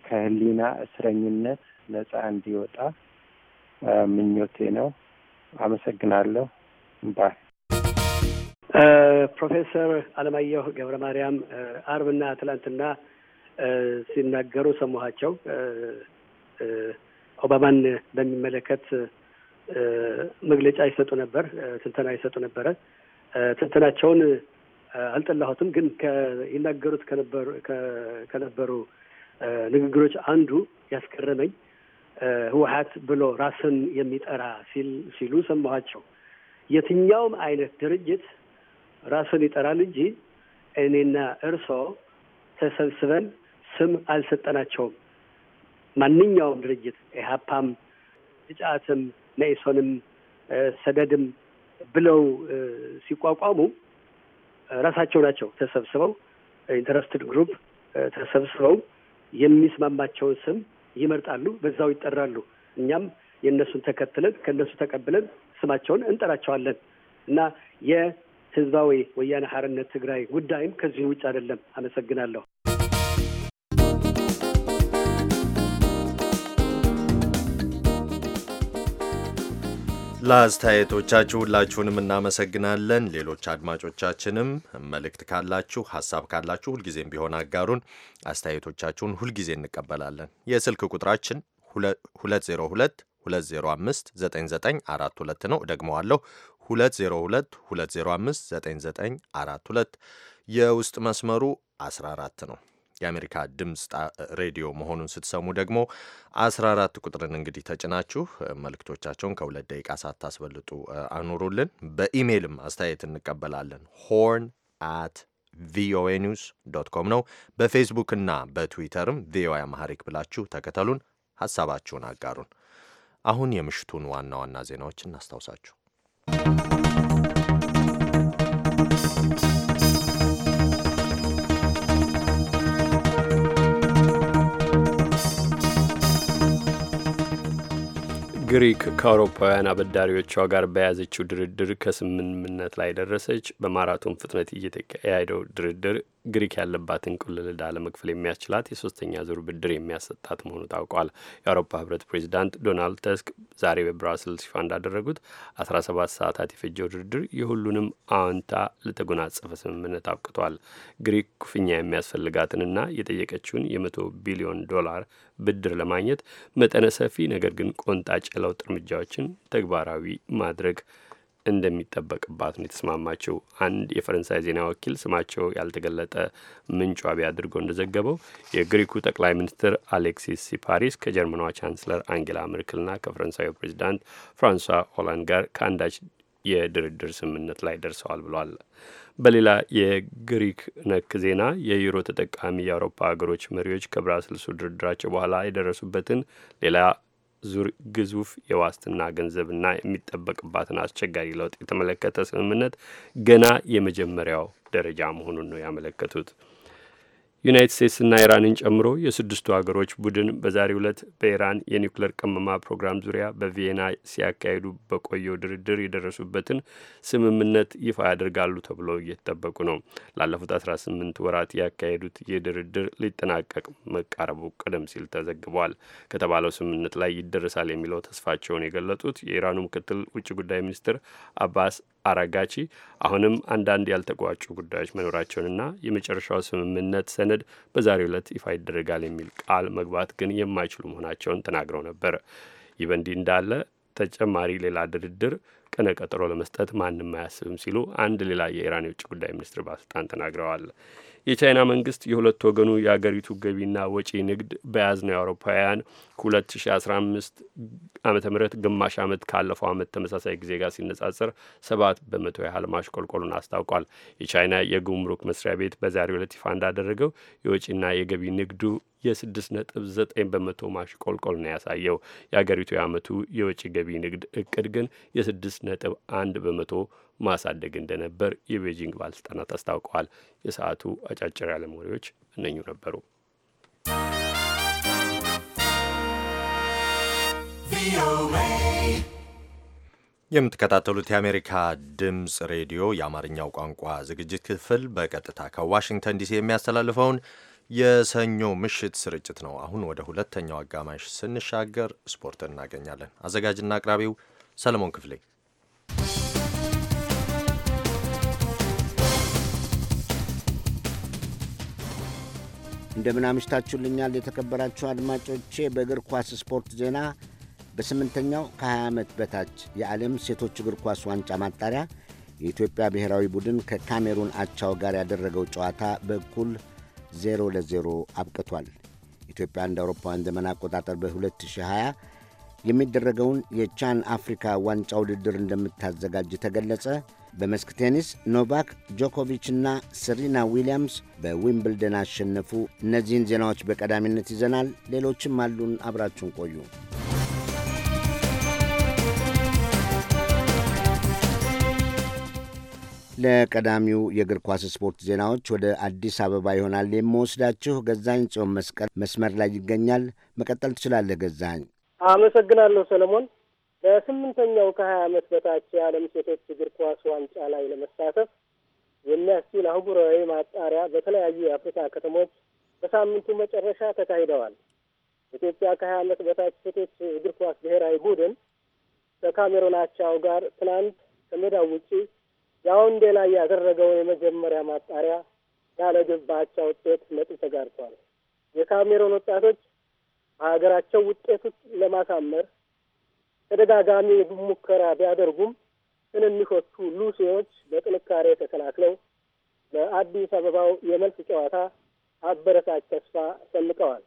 ከህሊና እስረኝነት ነጻ እንዲወጣ ምኞቴ ነው። አመሰግናለሁ። ባይ ፕሮፌሰር አለማየሁ ገብረ ማርያም አርብና ትላንትና ሲናገሩ ሰማኋቸው። ኦባማን በሚመለከት መግለጫ ይሰጡ ነበር፣ ትንተና ይሰጡ ነበረ። ትንተናቸውን አልጠላሁትም። ግን ይናገሩት ከነበሩ ከነበሩ ንግግሮች አንዱ ያስገረመኝ ህወሀት ብሎ ራስን የሚጠራ ሲሉ ሰማኋቸው። የትኛውም አይነት ድርጅት ራሱን ይጠራል እንጂ እኔና እርሶ ተሰብስበን ስም አልሰጠናቸውም። ማንኛውም ድርጅት ኢህአፓም፣ ብጫትም፣ መኢሶንም፣ ሰደድም ብለው ሲቋቋሙ ራሳቸው ናቸው ተሰብስበው ኢንተረስትድ ግሩፕ ተሰብስበው የሚስማማቸውን ስም ይመርጣሉ። በዛው ይጠራሉ። እኛም የእነሱን ተከትለን ከእነሱ ተቀብለን ስማቸውን እንጠራቸዋለን እና የህዝባዊ ወያነ ሓርነት ትግራይ ጉዳይም ከዚህ ውጭ አይደለም። አመሰግናለሁ። ለአስተያየቶቻችሁ ሁላችሁንም እናመሰግናለን። ሌሎች አድማጮቻችንም መልእክት ካላችሁ፣ ሀሳብ ካላችሁ ሁልጊዜም ቢሆን አጋሩን። አስተያየቶቻችሁን ሁልጊዜ እንቀበላለን። የስልክ ቁጥራችን 202 205 9942 ነው። ደግመዋለሁ 202 205 9942 የውስጥ መስመሩ 14 ነው። የአሜሪካ ድምፅ ሬዲዮ መሆኑን ስትሰሙ ደግሞ 14 ቁጥርን እንግዲህ ተጭናችሁ መልእክቶቻቸውን ከሁለት ደቂቃ ሳታስበልጡ አኑሩልን። በኢሜይልም አስተያየት እንቀበላለን። ሆርን አት ቪኦኤ ኒውስ ዶት ኮም ነው። በፌስቡክና በትዊተርም ቪኦኤ አማሐሪክ ብላችሁ ተከተሉን፣ ሀሳባችሁን አጋሩን። አሁን የምሽቱን ዋና ዋና ዜናዎች እናስታውሳችሁ። ግሪክ ከአውሮፓውያን አበዳሪዎቿ ጋር በያዘችው ድርድር ከስምምነት ላይ ደረሰች። በማራቶን ፍጥነት እየተካሄደው ድርድር ግሪክ ያለባትን ቁልል ዕዳ ለመክፈል የሚያስችላት የሶስተኛ ዙር ብድር የሚያሰጣት መሆኑ ታውቋል። የአውሮፓ ህብረት ፕሬዚዳንት ዶናልድ ተስክ ዛሬ በብራስልስ ይፋ እንዳደረጉት 17 ሰዓታት የፈጀው ድርድር የሁሉንም አዎንታ ለተጎናጸፈ ስምምነት አብቅቷል። ግሪክ ኩፍኛ የሚያስፈልጋትንና የጠየቀችውን የመቶ ቢሊዮን ዶላር ብድር ለማግኘት መጠነ ሰፊ ነገር ግን ቆንጣጭ ለውጥ እርምጃዎችን ተግባራዊ ማድረግ እንደሚጠበቅባት ነው የተስማማችው። አንድ የፈረንሳይ ዜና ወኪል ስማቸው ያልተገለጠ ምንጭ ዋቢ አድርጎ እንደዘገበው የግሪኩ ጠቅላይ ሚኒስትር አሌክሲስ ሲፓሪስ ከጀርመኗ ቻንስለር አንጌላ መርክልና ከፈረንሳዩ ፕሬዚዳንት ፍራንሷ ሆላንድ ጋር ከአንዳች የድርድር ስምምነት ላይ ደርሰዋል ብሏል። በሌላ የግሪክ ነክ ዜና የዩሮ ተጠቃሚ የአውሮፓ ሀገሮች መሪዎች ከብራስልሱ ድርድራቸው በኋላ የደረሱበትን ሌላ ዙር ግዙፍ የዋስትና ገንዘብና የሚጠበቅባትን አስቸጋሪ ለውጥ የተመለከተ ስምምነት ገና የመጀመሪያው ደረጃ መሆኑን ነው ያመለከቱት። ዩናይትድ ስቴትስና ኢራንን ጨምሮ የስድስቱ ሀገሮች ቡድን በዛሬው ዕለት በኢራን የኒውክሌር ቅመማ ፕሮግራም ዙሪያ በቪየና ሲያካሂዱ በቆየው ድርድር የደረሱበትን ስምምነት ይፋ ያደርጋሉ ተብሎ እየተጠበቁ ነው። ላለፉት 18 ወራት ያካሄዱት ይህ ድርድር ሊጠናቀቅ መቃረቡ ቀደም ሲል ተዘግቧል። ከተባለው ስምምነት ላይ ይደረሳል የሚለው ተስፋቸውን የገለጡት የኢራኑ ምክትል ውጭ ጉዳይ ሚኒስትር አባስ አራጋቺ አሁንም አንዳንድ ያልተቋጩ ጉዳዮች መኖራቸውንና የመጨረሻው ስምምነት ሰነድ በዛሬው ዕለት ይፋ ይደረጋል የሚል ቃል መግባት ግን የማይችሉ መሆናቸውን ተናግረው ነበር። ይህ በእንዲህ እንዳለ ተጨማሪ ሌላ ድርድር ቀነ ቀጠሮ ለመስጠት ማንም አያስብም ሲሉ አንድ ሌላ የኢራን የውጭ ጉዳይ ሚኒስትር ባለስልጣን ተናግረዋል። የቻይና መንግስት የሁለት ወገኑ የአገሪቱ ገቢና ወጪ ንግድ በያዝነው የአውሮፓውያን 2015 ዓመተ ምህረት ግማሽ ዓመት ካለፈው ዓመት ተመሳሳይ ጊዜ ጋር ሲነጻጸር ሰባት በመቶ ያህል ማሽቆልቆሉን አስታውቋል። የቻይና የጉምሩክ መስሪያ ቤት በዛሬው ዕለት ይፋ እንዳደረገው የወጪና የገቢ ንግዱ የስድስት ነጥብ ዘጠኝ በመቶ ማሽቆልቆል ነው ያሳየው። የአገሪቱ የዓመቱ የወጪ ገቢ ንግድ እቅድ ግን የስድስት ነጥብ አንድ በመቶ ማሳደግ እንደነበር የቤጂንግ ባለስልጣናት አስታውቀዋል። የሰዓቱ አጫጭር የዓለም ወሬዎች እነኙ ነበሩ። የምትከታተሉት የአሜሪካ ድምፅ ሬዲዮ የአማርኛው ቋንቋ ዝግጅት ክፍል በቀጥታ ከዋሽንግተን ዲሲ የሚያስተላልፈውን የሰኞ ምሽት ስርጭት ነው። አሁን ወደ ሁለተኛው አጋማሽ ስንሻገር ስፖርት እናገኛለን። አዘጋጅና አቅራቢው ሰለሞን ክፍሌ እንደምን አምሽታችሁልኛል የተከበራችሁ አድማጮቼ። በእግር ኳስ ስፖርት ዜና በስምንተኛው ከ20 ዓመት በታች የዓለም ሴቶች እግር ኳስ ዋንጫ ማጣሪያ የኢትዮጵያ ብሔራዊ ቡድን ከካሜሩን አቻው ጋር ያደረገው ጨዋታ በእኩል 0 ለ0 አብቅቷል። ኢትዮጵያ እንደ አውሮፓውያን ዘመን አቆጣጠር በ2020 የሚደረገውን የቻን አፍሪካ ዋንጫ ውድድር እንደምታዘጋጅ ተገለጸ። በመስክ ቴኒስ ኖቫክ ጆኮቪች እና ሰሪና ዊሊያምስ በዊምብልደን አሸነፉ። እነዚህን ዜናዎች በቀዳሚነት ይዘናል። ሌሎችም አሉን። አብራችሁን ቆዩ። ለቀዳሚው የእግር ኳስ ስፖርት ዜናዎች ወደ አዲስ አበባ ይሆናል የምወስዳችሁ። ገዛኝ ጽዮን መስቀል መስመር ላይ ይገኛል። መቀጠል ትችላለህ ገዛኝ። አመሰግናለሁ ሰለሞን። በስምንተኛው ከሀያ ዓመት በታች የዓለም ሴቶች እግር ኳስ ዋንጫ ላይ ለመሳተፍ የሚያስችል አህጉራዊ ማጣሪያ በተለያዩ የአፍሪካ ከተሞች በሳምንቱ መጨረሻ ተካሂደዋል። ኢትዮጵያ ከሀያ ዓመት በታች ሴቶች እግር ኳስ ብሔራዊ ቡድን ከካሜሩናቻው ጋር ትናንት ከሜዳው ውጪ ያውንዴ ላይ ያደረገውን የመጀመሪያ ማጣሪያ ያለ ግብ ውጤት ነጥብ ተጋርቷል። የካሜሮን ወጣቶች በሀገራቸው ውጤቱን ለማሳመር ተደጋጋሚ ሙከራ ቢያደርጉም ትንንሾቹ ሉሲዎች በጥንካሬ ተከላክለው በአዲስ አበባው የመልስ ጨዋታ አበረታች ተስፋ ሰንቀዋል።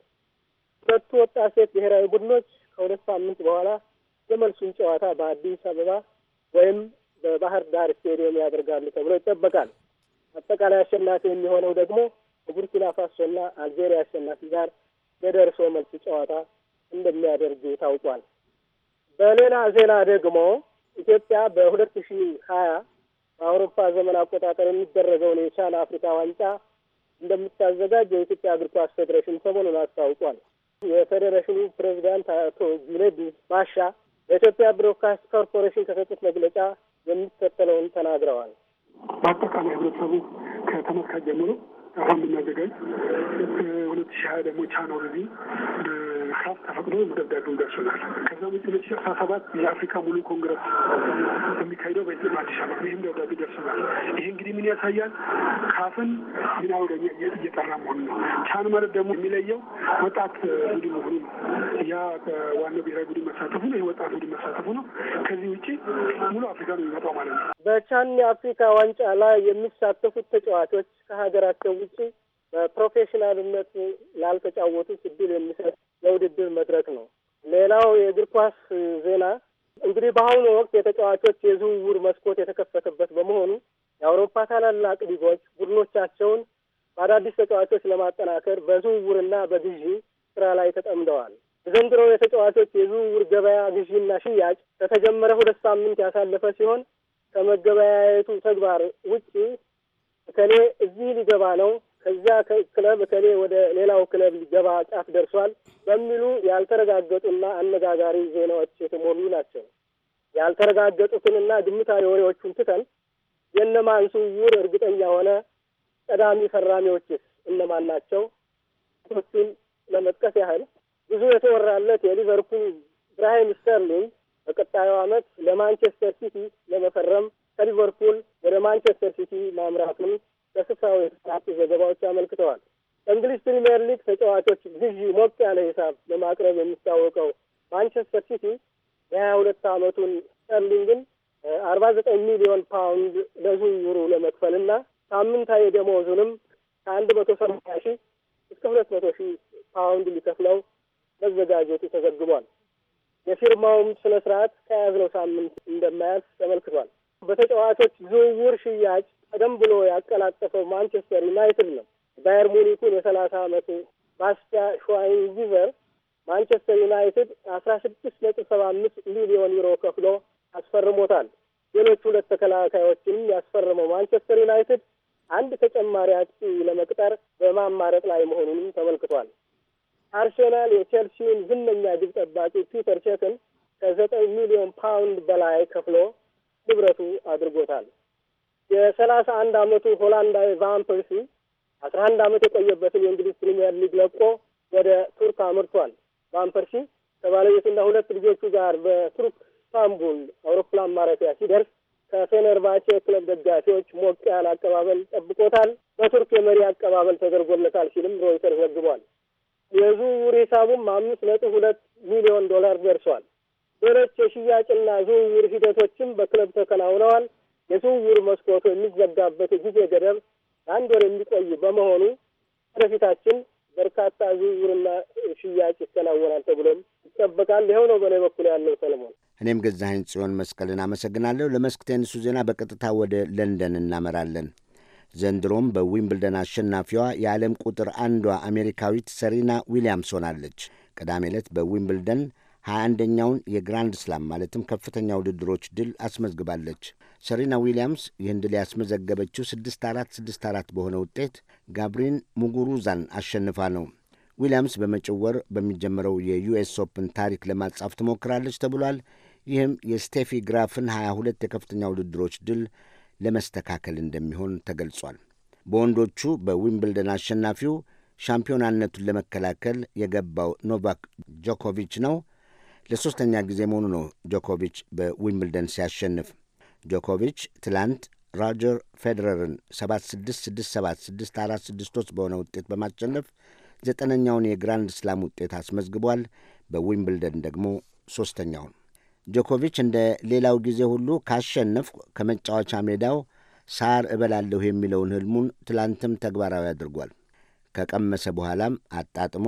ሁለቱ ወጣት ሴት ብሔራዊ ቡድኖች ከሁለት ሳምንት በኋላ የመልሱን ጨዋታ በአዲስ አበባ ወይም በባህር ዳር ስቴዲየም ያደርጋሉ ተብሎ ይጠበቃል። አጠቃላይ አሸናፊ የሚሆነው ደግሞ ከቡርኪና ፋሶና አልጄሪያ አሸናፊ ጋር የደርሶ መልስ ጨዋታ እንደሚያደርግ ታውቋል። በሌላ ዜና ደግሞ ኢትዮጵያ በሁለት ሺ ሀያ በአውሮፓ ዘመን አቆጣጠር የሚደረገውን የቻን አፍሪካ ዋንጫ እንደምታዘጋጅ የኢትዮጵያ እግር ኳስ ፌዴሬሽን ሰሞኑን አስታውቋል። የፌዴሬሽኑ ፕሬዚዳንት አቶ ጁኔዲ ማሻ በኢትዮጵያ ብሮድካስት ኮርፖሬሽን ከሰጡት መግለጫ የሚከተለውን ተናግረዋል። በአጠቃላይ ህብረተሰቡ ከተመልካች ጀምሮ አሁን ልናዘጋጅ ሁለት ሺ ሀያ ደግሞ ቻን ኦልሬዲ ተብሎ ደብዳቤው ደርሶናል። ከዛ ውጭ በሺ አስራ ሰባት የአፍሪካ ሙሉ ኮንግረስ የሚካሄደው በአዲስ አበባ ይህም ደብዳቤ ደርሶናል። ይህ እንግዲህ ምን ያሳያል? ካፍን ሚና እየጠራ መሆኑ ነው። ቻን ማለት ደግሞ የሚለየው ወጣት ቡድን መሆኑ ነው። ያ ዋናው ብሔራዊ ቡድን መሳተፉ ነው። ይህ ወጣት ቡድን መሳተፉ ነው። ከዚህ ውጭ ሙሉ አፍሪካ ነው የሚመጣው ማለት ነው። በቻን የአፍሪካ ዋንጫ ላይ የሚሳተፉት ተጫዋቾች ከሀገራቸው ውጭ በፕሮፌሽናልነቱ ላልተጫወቱ እድል የሚሰጥ የውድድር መድረክ ነው። ሌላው የእግር ኳስ ዜና እንግዲህ በአሁኑ ወቅት የተጫዋቾች የዝውውር መስኮት የተከፈተበት በመሆኑ የአውሮፓ ታላላቅ ሊጎች ቡድኖቻቸውን በአዳዲስ ተጫዋቾች ለማጠናከር በዝውውርና በግዢ ስራ ላይ ተጠምደዋል። ዘንድሮ የተጫዋቾች የዝውውር ገበያ ግዢና ሽያጭ ከተጀመረ ሁለት ሳምንት ያሳለፈ ሲሆን ከመገበያየቱ ተግባር ውጪ እከሌ እዚህ ሊገባ ነው ከዛ ክለብ እከሌ ወደ ሌላው ክለብ ሊገባ ጫፍ ደርሷል በሚሉ ያልተረጋገጡና አነጋጋሪ ዜናዎች የተሞሉ ናቸው። ያልተረጋገጡትንና ግምታዊ ወሬዎቹን ትተን የእነማን ዝውውር እርግጠኛ ሆነ? ቀዳሚ ፈራሚዎችስ እነማን ናቸው? ቶቹን ለመጥቀስ ያህል ብዙ የተወራለት የሊቨርፑል ብራሂም ስተርሊንግ በቀጣዩ ዓመት ለማንቸስተር ሲቲ ለመፈረም ከሊቨርፑል ወደ ማንቸስተር ሲቲ ማምራቱን በስፍራው የተሰራጩ ዘገባዎች አመልክተዋል። እንግሊዝ ፕሪምየር ሊግ ተጫዋቾች ግዢ ሞቅ ያለ ሂሳብ ለማቅረብ የሚታወቀው ማንቸስተር ሲቲ የሀያ ሁለት አመቱን ስተርሊንግን አርባ ዘጠኝ ሚሊዮን ፓውንድ ለዝውውሩ ለመክፈልና ሳምንታዊ ደሞዙንም ከአንድ መቶ ሰማንያ ሺህ እስከ ሁለት መቶ ሺህ ፓውንድ ሊከፍለው መዘጋጀቱ ተዘግቧል። የፊርማውም ስነ ስርዓት ከያዝነው ሳምንት እንደማያልፍ ተመልክቷል። በተጫዋቾች ዝውውር ሽያጭ ቀደም ብሎ ያቀላጠፈው ማንቸስተር ዩናይትድ ነው። ባየር ሙኒኩን የሰላሳ አመቱ ባስቲያ ሹዋይንዚቨር ማንቸስተር ዩናይትድ አስራ ስድስት ነጥብ ሰባ አምስት ሚሊዮን ዩሮ ከፍሎ አስፈርሞታል። ሌሎች ሁለት ተከላካዮችንም ያስፈረመው ማንቸስተር ዩናይትድ አንድ ተጨማሪ አጥቂ ለመቅጠር በማማረጥ ላይ መሆኑንም ተመልክቷል። አርሴናል የቼልሲውን ዝነኛ ግብ ጠባቂ ፒተር ቼክን ከዘጠኝ ሚሊዮን ፓውንድ በላይ ከፍሎ ንብረቱ አድርጎታል። የሰላሳ አንድ አመቱ ሆላንዳዊ ቫን ፐርሲ አስራ አንድ አመት የቆየበትን የእንግሊዝ ፕሪሚየር ሊግ ለቆ ወደ ቱርክ አምርቷል። ቫን ፐርሲ ከባለቤቱና ሁለት ልጆቹ ጋር በቱርክ ስታንቡል አውሮፕላን ማረፊያ ሲደርስ ከፌነርባቼ ክለብ ደጋፊዎች ሞቅ ያለ አቀባበል ጠብቆታል። በቱርክ የመሪ አቀባበል ተደርጎለታል ሲልም ሮይተር ዘግቧል። የዝውውር ሂሳቡም አምስት ነጥብ ሁለት ሚሊዮን ዶላር ደርሷል። ሌሎች የሽያጭና ዝውውር ሂደቶችም በክለብ ተከናውነዋል። የዝውውር መስኮቱ የሚዘጋበት ጊዜ ገደብ ለአንድ ወር የሚቆይ በመሆኑ ወደፊታችን በርካታ ዝውውርና ሽያጭ ይከናወናል ተብሎም ይጠበቃል። ይኸው ነው በላይ በኩል ያለው ሰለሞን። እኔም ገዛኸኝ ጽዮን መስቀልን አመሰግናለሁ። ለመስክ ቴኒሱ ዜና በቀጥታ ወደ ለንደን እናመራለን። ዘንድሮም በዊምብልደን አሸናፊዋ የዓለም ቁጥር አንዷ አሜሪካዊት ሰሪና ዊልያምስ ሆናለች። ቅዳሜ ዕለት በዊምብልደን 21ኛውን የግራንድ ስላም ማለትም ከፍተኛ ውድድሮች ድል አስመዝግባለች። ሰሪና ዊሊያምስ ይህን ድል ያስመዘገበችው 64 64 በሆነ ውጤት ጋብሪን ሙጉሩዛን አሸንፋ ነው። ዊሊያምስ በመጪው ወር በሚጀምረው የዩኤስ ኦፕን ታሪክ ለማጻፍ ትሞክራለች ተብሏል። ይህም የስቴፊ ግራፍን 22 የከፍተኛ ውድድሮች ድል ለመስተካከል እንደሚሆን ተገልጿል። በወንዶቹ በዊምብልደን አሸናፊው ሻምፒዮናነቱን ለመከላከል የገባው ኖቫክ ጆኮቪች ነው። ለሦስተኛ ጊዜ መሆኑ ነው ጆኮቪች በዊምብልደን ሲያሸንፍ ጆኮቪች ትላንት ሮጀር ፌዴረርን 76676463 በሆነ ውጤት በማሸነፍ ዘጠነኛውን የግራንድ ስላም ውጤት አስመዝግቧል። በዊምብልደን ደግሞ ሦስተኛውን። ጆኮቪች እንደ ሌላው ጊዜ ሁሉ ካሸነፍ ከመጫወቻ ሜዳው ሳር እበላለሁ የሚለውን ህልሙን ትላንትም ተግባራዊ አድርጓል። ከቀመሰ በኋላም አጣጥሞ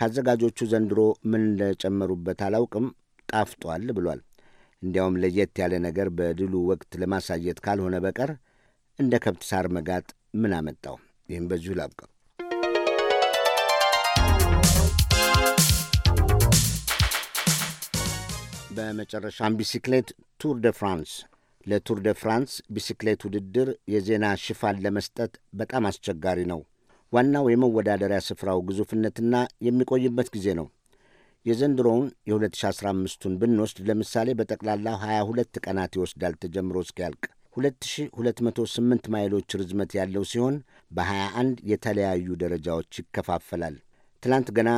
ካዘጋጆቹ ዘንድሮ ምን እንደጨመሩበት አላውቅም፣ ጣፍጧል ብሏል። እንዲያውም ለየት ያለ ነገር በድሉ ወቅት ለማሳየት ካልሆነ በቀር እንደ ከብት ሳር መጋጥ ምን አመጣው? ይህም በዚሁ ላብቀው። በመጨረሻም ቢሲክሌት ቱር ደ ፍራንስ ለቱር ደ ፍራንስ ቢሲክሌት ውድድር የዜና ሽፋን ለመስጠት በጣም አስቸጋሪ ነው። ዋናው የመወዳደሪያ ስፍራው ግዙፍነትና የሚቆይበት ጊዜ ነው። የዘንድሮውን የ2015ቱን ብንወስድ ለምሳሌ በጠቅላላው 22 ቀናት ይወስዳል ተጀምሮ እስኪያልቅ 2208 ማይሎች ርዝመት ያለው ሲሆን በ21 የተለያዩ ደረጃዎች ይከፋፈላል። ትላንት ገና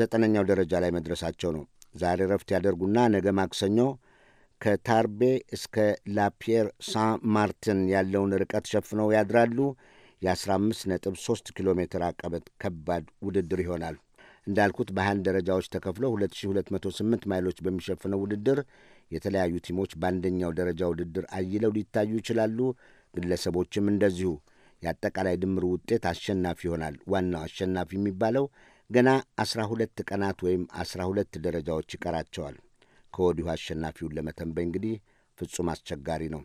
ዘጠነኛው ደረጃ ላይ መድረሳቸው ነው። ዛሬ ረፍት ያደርጉና ነገ ማክሰኞ ከታርቤ እስከ ላፒየር ሳን ማርቲን ያለውን ርቀት ሸፍነው ያድራሉ። የ15.3 ኪሎ ሜትር አቀበት ከባድ ውድድር ይሆናል። እንዳልኩት በ ደረጃዎች ተከፍሎ 2208 ማይሎች በሚሸፍነው ውድድር የተለያዩ ቲሞች በአንደኛው ደረጃ ውድድር አይለው ሊታዩ ይችላሉ። ግለሰቦችም እንደዚሁ። የአጠቃላይ ድምር ውጤት አሸናፊ ይሆናል። ዋናው አሸናፊ የሚባለው ገና 12 ቀናት ወይም 12 ደረጃዎች ይቀራቸዋል። ከወዲሁ አሸናፊውን ለመተንበይ እንግዲህ ፍጹም አስቸጋሪ ነው።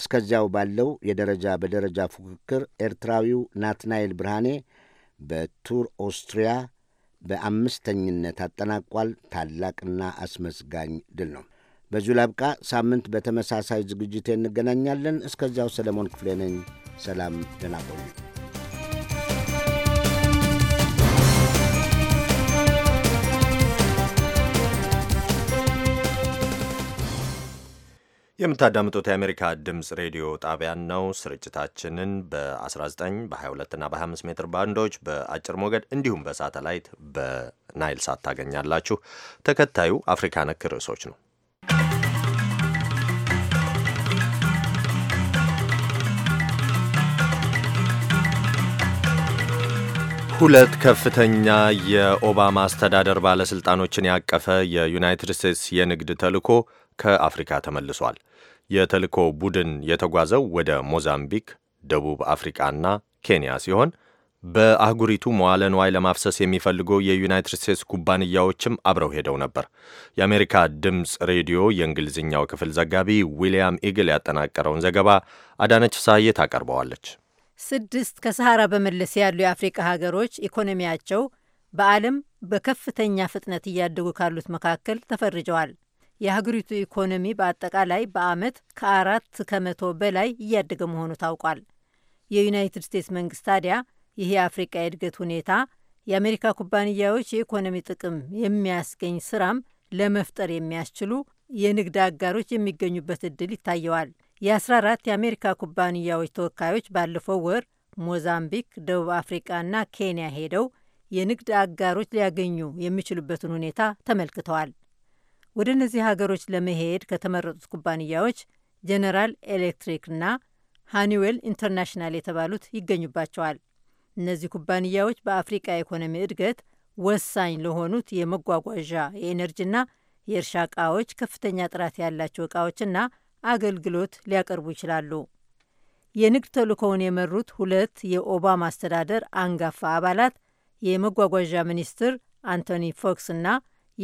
እስከዚያው ባለው የደረጃ በደረጃ ፉክክር ኤርትራዊው ናትናኤል ብርሃኔ በቱር ኦስትሪያ በአምስተኝነት አጠናቋል። ታላቅና አስመስጋኝ ድል ነው። በዚሁ ላብቃ። ሳምንት በተመሳሳይ ዝግጅት እንገናኛለን። እስከዚያው ሰለሞን ክፍሌ ነኝ። ሰላም፣ ደህና ቆዩ። የምታዳምጡት የአሜሪካ ድምፅ ሬዲዮ ጣቢያን ነው። ስርጭታችንን በ19 በ22 እና በ25 ሜትር ባንዶች በአጭር ሞገድ እንዲሁም በሳተላይት በናይል ሳት ታገኛላችሁ። ተከታዩ አፍሪካ ነክ ርዕሶች ነው። ሁለት ከፍተኛ የኦባማ አስተዳደር ባለሥልጣኖችን ያቀፈ የዩናይትድ ስቴትስ የንግድ ተልዕኮ ከአፍሪካ ተመልሷል። የተልእኮ ቡድን የተጓዘው ወደ ሞዛምቢክ፣ ደቡብ አፍሪቃና ኬንያ ሲሆን በአህጉሪቱ መዋለ ንዋይ ለማፍሰስ የሚፈልጉ የዩናይትድ ስቴትስ ኩባንያዎችም አብረው ሄደው ነበር። የአሜሪካ ድምፅ ሬዲዮ የእንግሊዝኛው ክፍል ዘጋቢ ዊልያም ኢግል ያጠናቀረውን ዘገባ አዳነች ሳዬ ታቀርበዋለች። ስድስት ከሰሃራ በመለስ ያሉ የአፍሪካ ሀገሮች ኢኮኖሚያቸው በዓለም በከፍተኛ ፍጥነት እያደጉ ካሉት መካከል ተፈርጀዋል። የሀገሪቱ ኢኮኖሚ በአጠቃላይ በዓመት ከአራት ከመቶ በላይ እያደገ መሆኑ ታውቋል። የዩናይትድ ስቴትስ መንግስት ታዲያ ይህ የአፍሪቃ የእድገት ሁኔታ የአሜሪካ ኩባንያዎች የኢኮኖሚ ጥቅም የሚያስገኝ ስራም ለመፍጠር የሚያስችሉ የንግድ አጋሮች የሚገኙበት እድል ይታየዋል። የ14 የአሜሪካ ኩባንያዎች ተወካዮች ባለፈው ወር ሞዛምቢክ፣ ደቡብ አፍሪቃና ኬንያ ሄደው የንግድ አጋሮች ሊያገኙ የሚችሉበትን ሁኔታ ተመልክተዋል። ወደ እነዚህ ሀገሮች ለመሄድ ከተመረጡት ኩባንያዎች ኤሌክትሪክ እና ሃኒዌል ኢንተርናሽናል የተባሉት ይገኙባቸዋል። እነዚህ ኩባንያዎች በአፍሪቃ የኢኮኖሚ እድገት ወሳኝ ለሆኑት የመጓጓዣ የኤነርጂና የእርሻ እቃዎች ከፍተኛ ጥራት ያላቸው እቃዎችና አገልግሎት ሊያቀርቡ ይችላሉ። የንግድ ተልእኮውን የመሩት ሁለት የኦባማ አስተዳደር አንጋፋ አባላት የመጓጓዣ ሚኒስትር አንቶኒ ፎክስ እና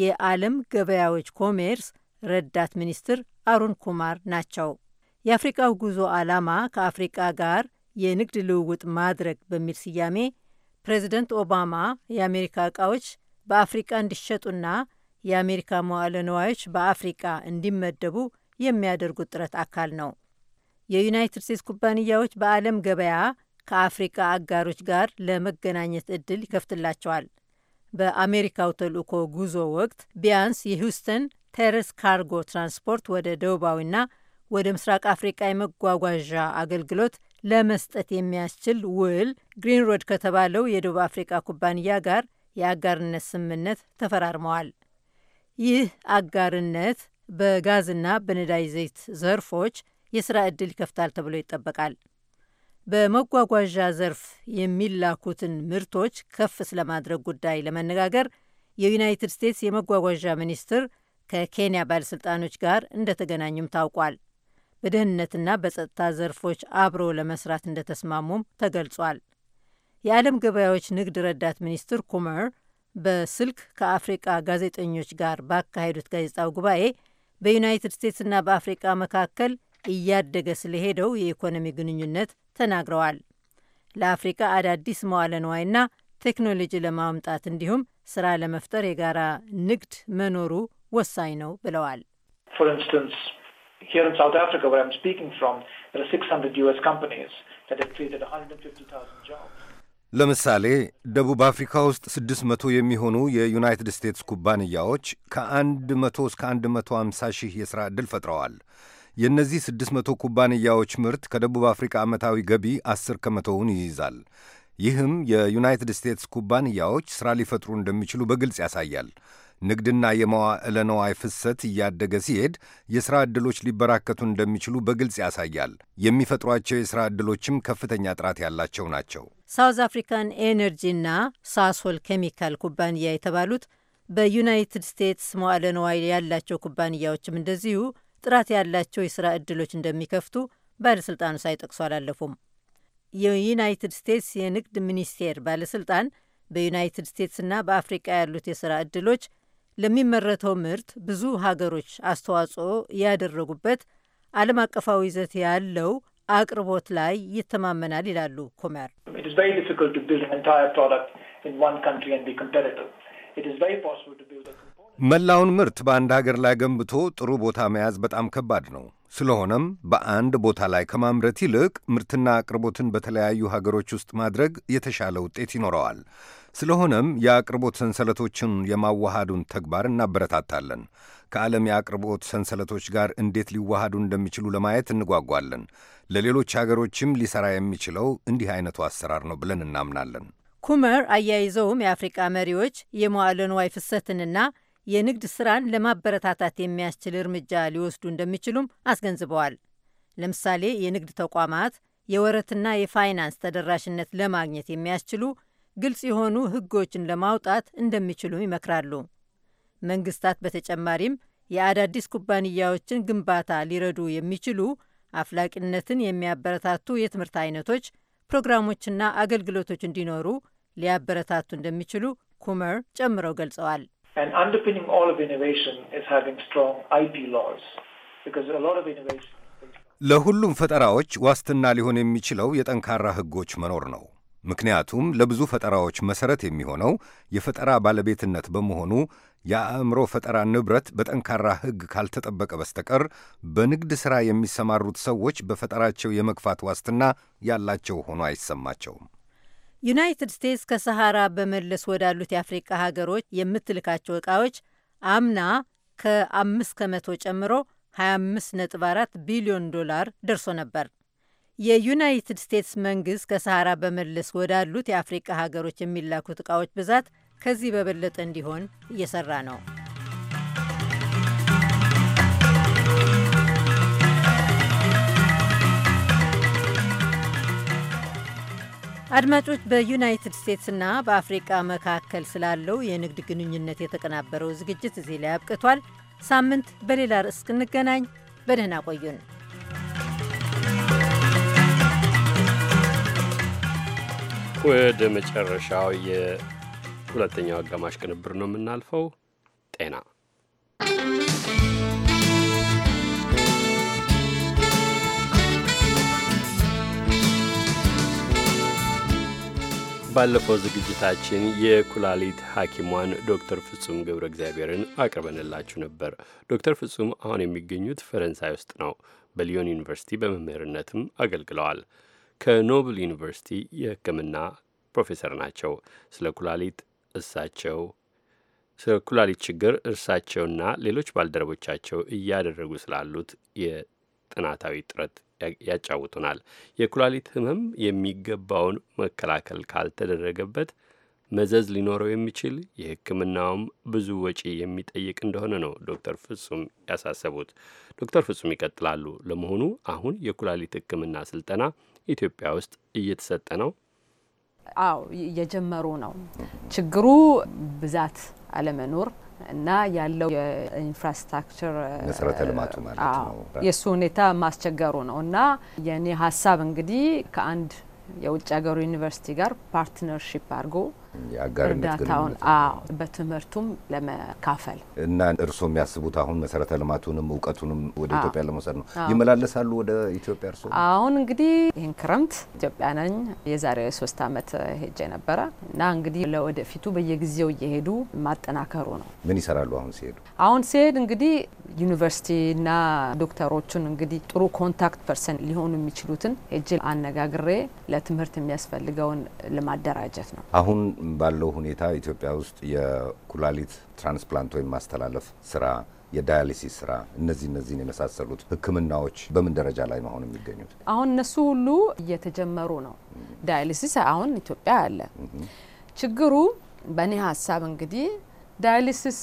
የዓለም ገበያዎች ኮሜርስ ረዳት ሚኒስትር አሩን ኩማር ናቸው። የአፍሪቃው ጉዞ ዓላማ ከአፍሪቃ ጋር የንግድ ልውውጥ ማድረግ በሚል ስያሜ ፕሬዚደንት ኦባማ የአሜሪካ እቃዎች በአፍሪቃ እንዲሸጡና የአሜሪካ መዋለ ነዋዮች በአፍሪቃ እንዲመደቡ የሚያደርጉት ጥረት አካል ነው። የዩናይትድ ስቴትስ ኩባንያዎች በዓለም ገበያ ከአፍሪቃ አጋሮች ጋር ለመገናኘት እድል ይከፍትላቸዋል። በአሜሪካው ተልእኮ ጉዞ ወቅት ቢያንስ የሂውስተን ቴረስ ካርጎ ትራንስፖርት ወደ ደቡባዊና ወደ ምስራቅ አፍሪቃ የመጓጓዣ አገልግሎት ለመስጠት የሚያስችል ውል ግሪንሮድ ከተባለው የደቡብ አፍሪቃ ኩባንያ ጋር የአጋርነት ስምምነት ተፈራርመዋል። ይህ አጋርነት በጋዝና በነዳጅ ዘይት ዘርፎች የስራ ዕድል ይከፍታል ተብሎ ይጠበቃል። በመጓጓዣ ዘርፍ የሚላኩትን ምርቶች ከፍ ስለማድረግ ጉዳይ ለመነጋገር የዩናይትድ ስቴትስ የመጓጓዣ ሚኒስትር ከኬንያ ባለሥልጣኖች ጋር እንደተገናኙም ታውቋል። በደህንነትና በጸጥታ ዘርፎች አብሮ ለመስራት እንደተስማሙም ተገልጿል። የዓለም ገበያዎች ንግድ ረዳት ሚኒስትር ኩመር በስልክ ከአፍሪቃ ጋዜጠኞች ጋር ባካሄዱት ጋዜጣዊ ጉባኤ በዩናይትድ ስቴትስና በአፍሪቃ መካከል እያደገ ስለሄደው የኢኮኖሚ ግንኙነት ተናግረዋል። ለአፍሪካ አዳዲስ መዋለ ንዋይና ቴክኖሎጂ ለማምጣት እንዲሁም ስራ ለመፍጠር የጋራ ንግድ መኖሩ ወሳኝ ነው ብለዋል። ለምሳሌ ደቡብ አፍሪካ ውስጥ 600 የሚሆኑ የዩናይትድ ስቴትስ ኩባንያዎች ከ100 እስከ 150 ሺህ የሥራ ዕድል ፈጥረዋል። የእነዚህ 600 ኩባንያዎች ምርት ከደቡብ አፍሪካ ዓመታዊ ገቢ 10 ከመቶውን ይይዛል። ይህም የዩናይትድ ስቴትስ ኩባንያዎች ሥራ ሊፈጥሩ እንደሚችሉ በግልጽ ያሳያል። ንግድና የመዋዕለ ነዋይ ፍሰት እያደገ ሲሄድ የሥራ ዕድሎች ሊበራከቱ እንደሚችሉ በግልጽ ያሳያል። የሚፈጥሯቸው የሥራ ዕድሎችም ከፍተኛ ጥራት ያላቸው ናቸው። ሳውዝ አፍሪካን ኤነርጂና ሳሶል ኬሚካል ኩባንያ የተባሉት በዩናይትድ ስቴትስ መዋዕለ ነዋይ ያላቸው ኩባንያዎችም እንደዚሁ ጥራት ያላቸው የሥራ ዕድሎች እንደሚከፍቱ ባለሥልጣኑ ሳይጠቅሱ አላለፉም። የዩናይትድ ስቴትስ የንግድ ሚኒስቴር ባለሥልጣን በዩናይትድ ስቴትስና በአፍሪቃ ያሉት የሥራ ዕድሎች ለሚመረተው ምርት ብዙ ሀገሮች አስተዋጽኦ ያደረጉበት ዓለም አቀፋዊ ይዘት ያለው አቅርቦት ላይ ይተማመናል ይላሉ ኩመር። መላውን ምርት በአንድ ሀገር ላይ ገንብቶ ጥሩ ቦታ መያዝ በጣም ከባድ ነው። ስለሆነም በአንድ ቦታ ላይ ከማምረት ይልቅ ምርትና አቅርቦትን በተለያዩ ሀገሮች ውስጥ ማድረግ የተሻለ ውጤት ይኖረዋል። ስለሆነም የአቅርቦት ሰንሰለቶችን የማዋሃዱን ተግባር እናበረታታለን። ከዓለም የአቅርቦት ሰንሰለቶች ጋር እንዴት ሊዋሃዱ እንደሚችሉ ለማየት እንጓጓለን። ለሌሎች ሀገሮችም ሊሰራ የሚችለው እንዲህ አይነቱ አሰራር ነው ብለን እናምናለን። ኩመር አያይዘውም የአፍሪቃ መሪዎች የመዋለ ንዋይ ፍሰትንና የንግድ ስራን ለማበረታታት የሚያስችል እርምጃ ሊወስዱ እንደሚችሉም አስገንዝበዋል። ለምሳሌ የንግድ ተቋማት የወረትና የፋይናንስ ተደራሽነት ለማግኘት የሚያስችሉ ግልጽ የሆኑ ህጎችን ለማውጣት እንደሚችሉም ይመክራሉ። መንግስታት በተጨማሪም የአዳዲስ ኩባንያዎችን ግንባታ ሊረዱ የሚችሉ አፍላቂነትን የሚያበረታቱ የትምህርት አይነቶች፣ ፕሮግራሞችና አገልግሎቶች እንዲኖሩ ሊያበረታቱ እንደሚችሉ ኩመር ጨምረው ገልጸዋል። And underpinning all of innovation is having strong IP laws because a lot of innovation. ለሁሉም ፈጠራዎች ዋስትና ሊሆን የሚችለው የጠንካራ ሕጎች መኖር ነው። ምክንያቱም ለብዙ ፈጠራዎች መሰረት የሚሆነው የፈጠራ ባለቤትነት በመሆኑ የአእምሮ ፈጠራ ንብረት በጠንካራ ሕግ ካልተጠበቀ በስተቀር በንግድ ሥራ የሚሰማሩት ሰዎች በፈጠራቸው የመግፋት ዋስትና ያላቸው ሆኖ አይሰማቸውም። ዩናይትድ ስቴትስ ከሰሃራ በመለስ ወዳሉት የአፍሪቃ ሀገሮች የምትልካቸው እቃዎች አምና ከ5 ከመቶ ጨምሮ 25.4 ቢሊዮን ዶላር ደርሶ ነበር። የዩናይትድ ስቴትስ መንግስት ከሰሃራ በመለስ ወዳሉት የአፍሪቃ ሀገሮች የሚላኩት ዕቃዎች ብዛት ከዚህ በበለጠ እንዲሆን እየሰራ ነው። አድማጮች በዩናይትድ ስቴትስና በአፍሪቃ መካከል ስላለው የንግድ ግንኙነት የተቀናበረው ዝግጅት እዚህ ላይ አብቅቷል። ሳምንት በሌላ ርዕስ እስክንገናኝ በደህና ቆዩን። ወደ መጨረሻው የሁለተኛው አጋማሽ ቅንብር ነው የምናልፈው። ጤና ባለፈው ዝግጅታችን የኩላሊት ሐኪሟን ዶክተር ፍጹም ገብረ እግዚአብሔርን አቅርበንላችሁ ነበር። ዶክተር ፍጹም አሁን የሚገኙት ፈረንሳይ ውስጥ ነው። በሊዮን ዩኒቨርሲቲ በመምህርነትም አገልግለዋል። ከኖብል ዩኒቨርሲቲ የሕክምና ፕሮፌሰር ናቸው። ስለ ኩላሊት እሳቸው ስለ ኩላሊት ችግር እርሳቸውና ሌሎች ባልደረቦቻቸው እያደረጉ ስላሉት የጥናታዊ ጥረት ያጫውቱናል። የኩላሊት ህመም የሚገባውን መከላከል ካልተደረገበት መዘዝ ሊኖረው የሚችል የሕክምናውም ብዙ ወጪ የሚጠይቅ እንደሆነ ነው ዶክተር ፍጹም ያሳሰቡት። ዶክተር ፍጹም ይቀጥላሉ። ለመሆኑ አሁን የኩላሊት ሕክምና ስልጠና ኢትዮጵያ ውስጥ እየተሰጠ ነው? አዎ፣ እየጀመሩ ነው። ችግሩ ብዛት አለመኖር እና ያለው የኢንፍራስትራክቸር መሰረተ ልማቱ ማለት ነው የእሱ ሁኔታ ማስቸገሩ ነው። እና የኔ ሀሳብ እንግዲህ ከአንድ የውጭ ሀገሩ ዩኒቨርሲቲ ጋር ፓርትነርሺፕ አድርጎ እርዳታውን በትምህርቱም ለመካፈል እና እርስዎ የሚያስቡት አሁን መሰረተ ልማቱንም እውቀቱንም ወደ ኢትዮጵያ ለመውሰድ ነው። ይመላለሳሉ ወደ ኢትዮጵያ እርስዎ? አሁን እንግዲህ ይህን ክረምት ኢትዮጵያ ነኝ። የዛሬ ሶስት አመት ሄጄ ነበረ እና እንግዲህ ለወደፊቱ በየጊዜው እየሄዱ ማጠናከሩ ነው። ምን ይሰራሉ አሁን ሲሄዱ? አሁን ሲሄድ እንግዲህ ዩኒቨርሲቲና ዶክተሮቹን እንግዲህ ጥሩ ኮንታክት ፐርሰን ሊሆኑ የሚችሉትን ሄጄ አነጋግሬ ለትምህርት የሚያስፈልገውን ለማደራጀት ነው አሁን ባለው ሁኔታ ኢትዮጵያ ውስጥ የኩላሊት ትራንስፕላንት ወይም ማስተላለፍ ስራ የዳያሊሲስ ስራ እነዚህ እነዚህን የመሳሰሉት ህክምናዎች በምን ደረጃ ላይ መሆን የሚገኙት? አሁን እነሱ ሁሉ እየተጀመሩ ነው። ዳያሊሲስ አሁን ኢትዮጵያ አለ። ችግሩ በእኔ ሀሳብ እንግዲህ ዳያሊሲስ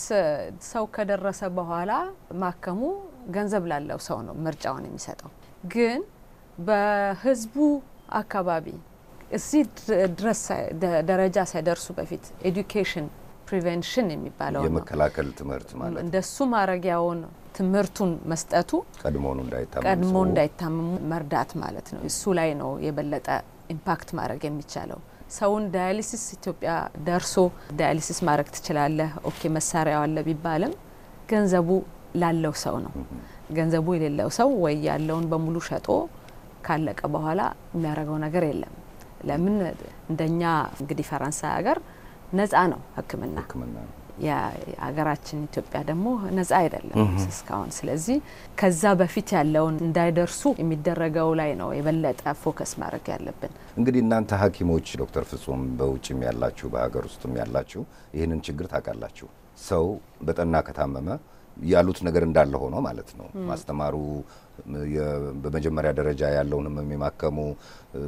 ሰው ከደረሰ በኋላ ማከሙ ገንዘብ ላለው ሰው ነው ምርጫውን የሚሰጠው። ግን በህዝቡ አካባቢ እዚህ ድረስ ደረጃ ሳይደርሱ በፊት ኤዱኬሽን ፕሪቨንሽን የሚባለው የመከላከል ትምህርት ማለት እንደሱ ማረጊያውን ትምህርቱን መስጠቱ ቀድሞ እንዳይታመሙ መርዳት ማለት ነው። እሱ ላይ ነው የበለጠ ኢምፓክት ማድረግ የሚቻለው። ሰውን ዳያሊሲስ ኢትዮጵያ ደርሶ ዳያሊሲስ ማድረግ ትችላለህ፣ ኦኬ መሳሪያው አለ ቢባልም ገንዘቡ ላለው ሰው ነው። ገንዘቡ የሌለው ሰው ወይ ያለውን በሙሉ ሸጦ ካለቀ በኋላ የሚያደርገው ነገር የለም። ለምን እንደኛ እንግዲህ ፈረንሳይ ሀገር ነጻ ነው ህክምና የሀገራችን ኢትዮጵያ ደግሞ ነጻ አይደለም እስካሁን። ስለዚህ ከዛ በፊት ያለውን እንዳይደርሱ የሚደረገው ላይ ነው የበለጠ ፎከስ ማድረግ ያለብን። እንግዲህ እናንተ ሐኪሞች ዶክተር ፍጹም በውጭም ያላችሁ በሀገር ውስጥም ያላችሁ ይህንን ችግር ታውቃላችሁ። ሰው በጠና ከታመመ ያሉት ነገር እንዳለ ሆኖ ማለት ነው ማስተማሩ በመጀመሪያ ደረጃ ያለውን ህመም የማከሙ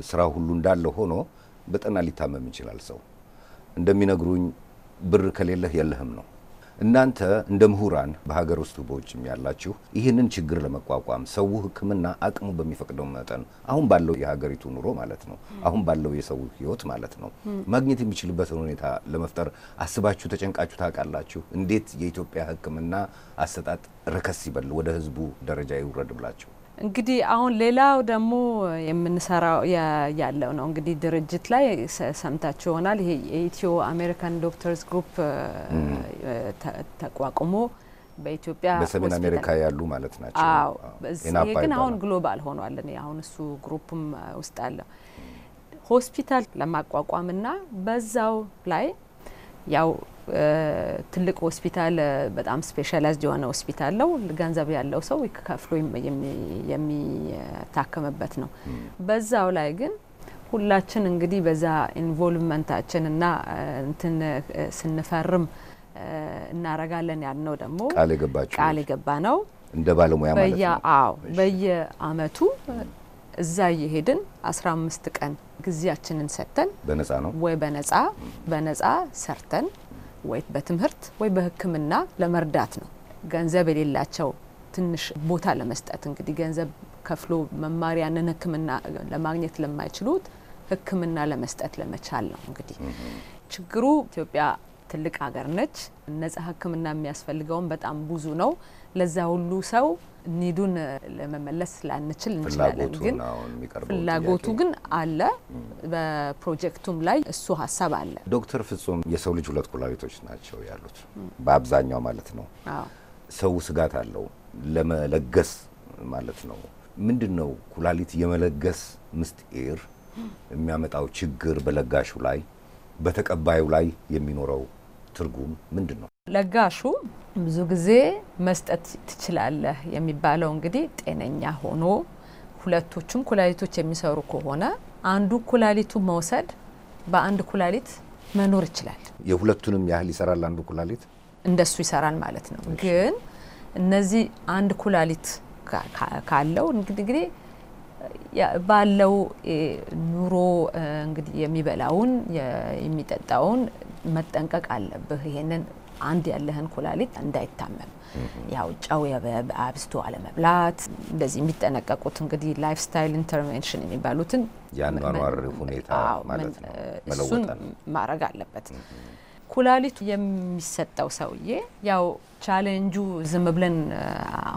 ስራ ሁሉ እንዳለ ሆኖ በጠና ሊታመም ይችላል ሰው። እንደሚነግሩኝ ብር ከሌለህ የለህም ነው እናንተ እንደ ምሁራን በሀገር ውስጥ በውጭም ያላችሁ ይህንን ችግር ለመቋቋም ሰው ሕክምና አቅሙ በሚፈቅደው መጠን አሁን ባለው የሀገሪቱ ኑሮ ማለት ነው፣ አሁን ባለው የሰው ህይወት ማለት ነው ማግኘት የሚችልበትን ሁኔታ ለመፍጠር አስባችሁ ተጨንቃችሁ ታውቃላችሁ? እንዴት የኢትዮጵያ ሕክምና አሰጣጥ ረከስ ይበል፣ ወደ ህዝቡ ደረጃ ይውረድ ብላችሁ እንግዲህ አሁን ሌላው ደግሞ የምንሰራው ያለው ነው እንግዲህ ድርጅት ላይ ሰምታችሁ ይሆናል። ይሄ የኢትዮ አሜሪካን ዶክተርስ ግሩፕ ተቋቁሞ በኢትዮጵያ በሰሜን አሜሪካ ያሉ ማለት ናቸው። አዎ፣ ግን አሁን ግሎባል ሆኗል። እኔ አሁን እሱ ግሩፕም ውስጥ አለው ሆስፒታል ለማቋቋምና በዛው ላይ ያው ትልቅ ሆስፒታል በጣም ስፔሻላይዝድ የሆነ ሆስፒታል ነው። ገንዘብ ያለው ሰው ከፍሎ የሚታከምበት ነው። በዛው ላይ ግን ሁላችን እንግዲህ በዛ ኢንቮልቭመንታችን እና እንትን ስንፈርም እናረጋለን ያልነው ደግሞ ቃል የገባ ነው። እንደ ባለሙያ ማለት ነው። በየአመቱ እዛ እየሄድን 15 ቀን ጊዜያችንን ሰጥተን በነፃ ነው ወይ በነፃ በነፃ ሰርተን ወይ በትምህርት ወይ በሕክምና ለመርዳት ነው። ገንዘብ የሌላቸው ትንሽ ቦታ ለመስጠት እንግዲህ ገንዘብ ከፍሎ መማሪያንን ሕክምና ለማግኘት ለማይችሉት ሕክምና ለመስጠት ለመቻል ነው። እንግዲህ ችግሩ ኢትዮጵያ ትልቅ ሀገር ነች። ነጻ ሕክምና የሚያስፈልገውን በጣም ብዙ ነው። ለዛ ሁሉ ሰው ኒዱን ለመመለስ ላንችል እንችላለን፣ ግን ፍላጎቱ ግን አለ። በፕሮጀክቱም ላይ እሱ ሀሳብ አለ። ዶክተር ፍጹም የሰው ልጅ ሁለት ኩላሊቶች ናቸው ያሉት በአብዛኛው ማለት ነው። ሰው ስጋት አለው ለመለገስ ማለት ነው። ምንድን ነው ኩላሊት የመለገስ ምስጢር የሚያመጣው ችግር በለጋሹ ላይ በተቀባዩ ላይ የሚኖረው ትርጉም ምንድን ነው? ለጋሹ ብዙ ጊዜ መስጠት ትችላለህ የሚባለው እንግዲህ ጤነኛ ሆኖ ሁለቶቹም ኩላሊቶች የሚሰሩ ከሆነ አንዱ ኩላሊቱ መውሰድ በአንድ ኩላሊት መኖር ይችላል። የሁለቱንም ያህል ይሰራል አንዱ ኩላሊት እንደሱ ይሰራል ማለት ነው። ግን እነዚህ አንድ ኩላሊት ካለው እንግዲህ ባለው ኑሮ እንግዲህ የሚበላውን የሚጠጣውን መጠንቀቅ አለብህ። ይሄንን አንድ ያለህን ኩላሊት እንዳይታመም ያው ጨው አብዝቶ አለመብላት፣ እንደዚህ የሚጠነቀቁት እንግዲህ ላይፍ ስታይል ኢንተርቬንሽን የሚባሉትን የአኗኗር ሁኔታ ማለት ነው እሱን ማድረግ አለበት። ኩላሊቱ የሚሰጠው ሰውዬ ያው ቻሌንጁ ዝም ብለን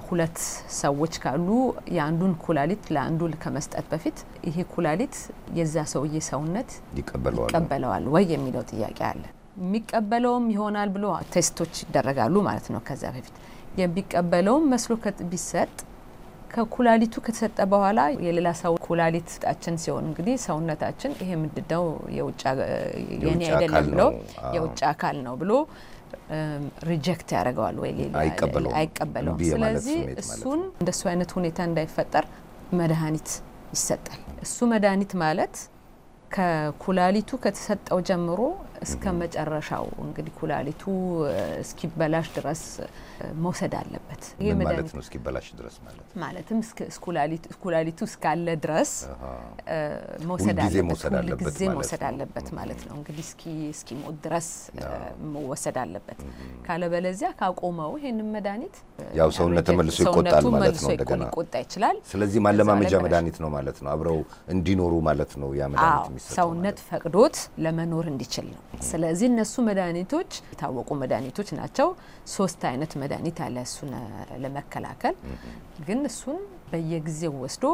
ሁለት ሰዎች ካሉ የአንዱን ኩላሊት ለአንዱ ከመስጠት በፊት ይሄ ኩላሊት የዛ ሰውዬ ሰውነት ይቀበለዋል ወይ የሚለው ጥያቄ አለ። የሚቀበለውም ይሆናል ብሎ ቴስቶች ይደረጋሉ ማለት ነው። ከዚያ በፊት የሚቀበለውም መስሎ ቢሰጥ ከኩላሊቱ ከተሰጠ በኋላ የሌላ ሰው ኩላሊት ጣችን ሲሆን እንግዲህ ሰውነታችን ይሄ ምንድን ነው የውጭ የኔ አይደለም ብሎ የውጭ አካል ነው ብሎ ሪጀክት ያደርገዋል ወይ አይቀበለውም። ስለዚህ እሱን እንደሱ አይነት ሁኔታ እንዳይፈጠር መድኃኒት ይሰጣል። እሱ መድኃኒት ማለት ከኩላሊቱ ከተሰጠው ጀምሮ እስከ መጨረሻው እንግዲህ ኩላሊቱ እስኪበላሽ ድረስ መውሰድ አለበት። ይሄ ማለት ነው እስኪበላሽ ድረስ ማለት ማለትም ኩላሊቱ እስካለ ድረስ መውሰድ አለበት፣ ሁልጊዜ መውሰድ አለበት ማለት ነው። እንግዲህ እስኪ እስኪሞት ድረስ መወሰድ አለበት። ካለበለዚያ ካቆመው ይሄንን መድኃኒት ያው ሰውነት ተመልሶ ይቆጣል ማለት ነው፣ እንደገና ሊቆጣ ይችላል። ስለዚህ ማለማመጃ መድኃኒት ነው ማለት ነው፣ አብረው እንዲኖሩ ማለት ነው። ያ መድኃኒት ሰውነት ፈቅዶት ለመኖር እንዲችል ነው። ስለዚህ እነሱ መድኃኒቶች የታወቁ መድኃኒቶች ናቸው። ሶስት አይነት መድኃኒት አለ እሱን ለመከላከል ግን እሱን በየጊዜው ወስዶ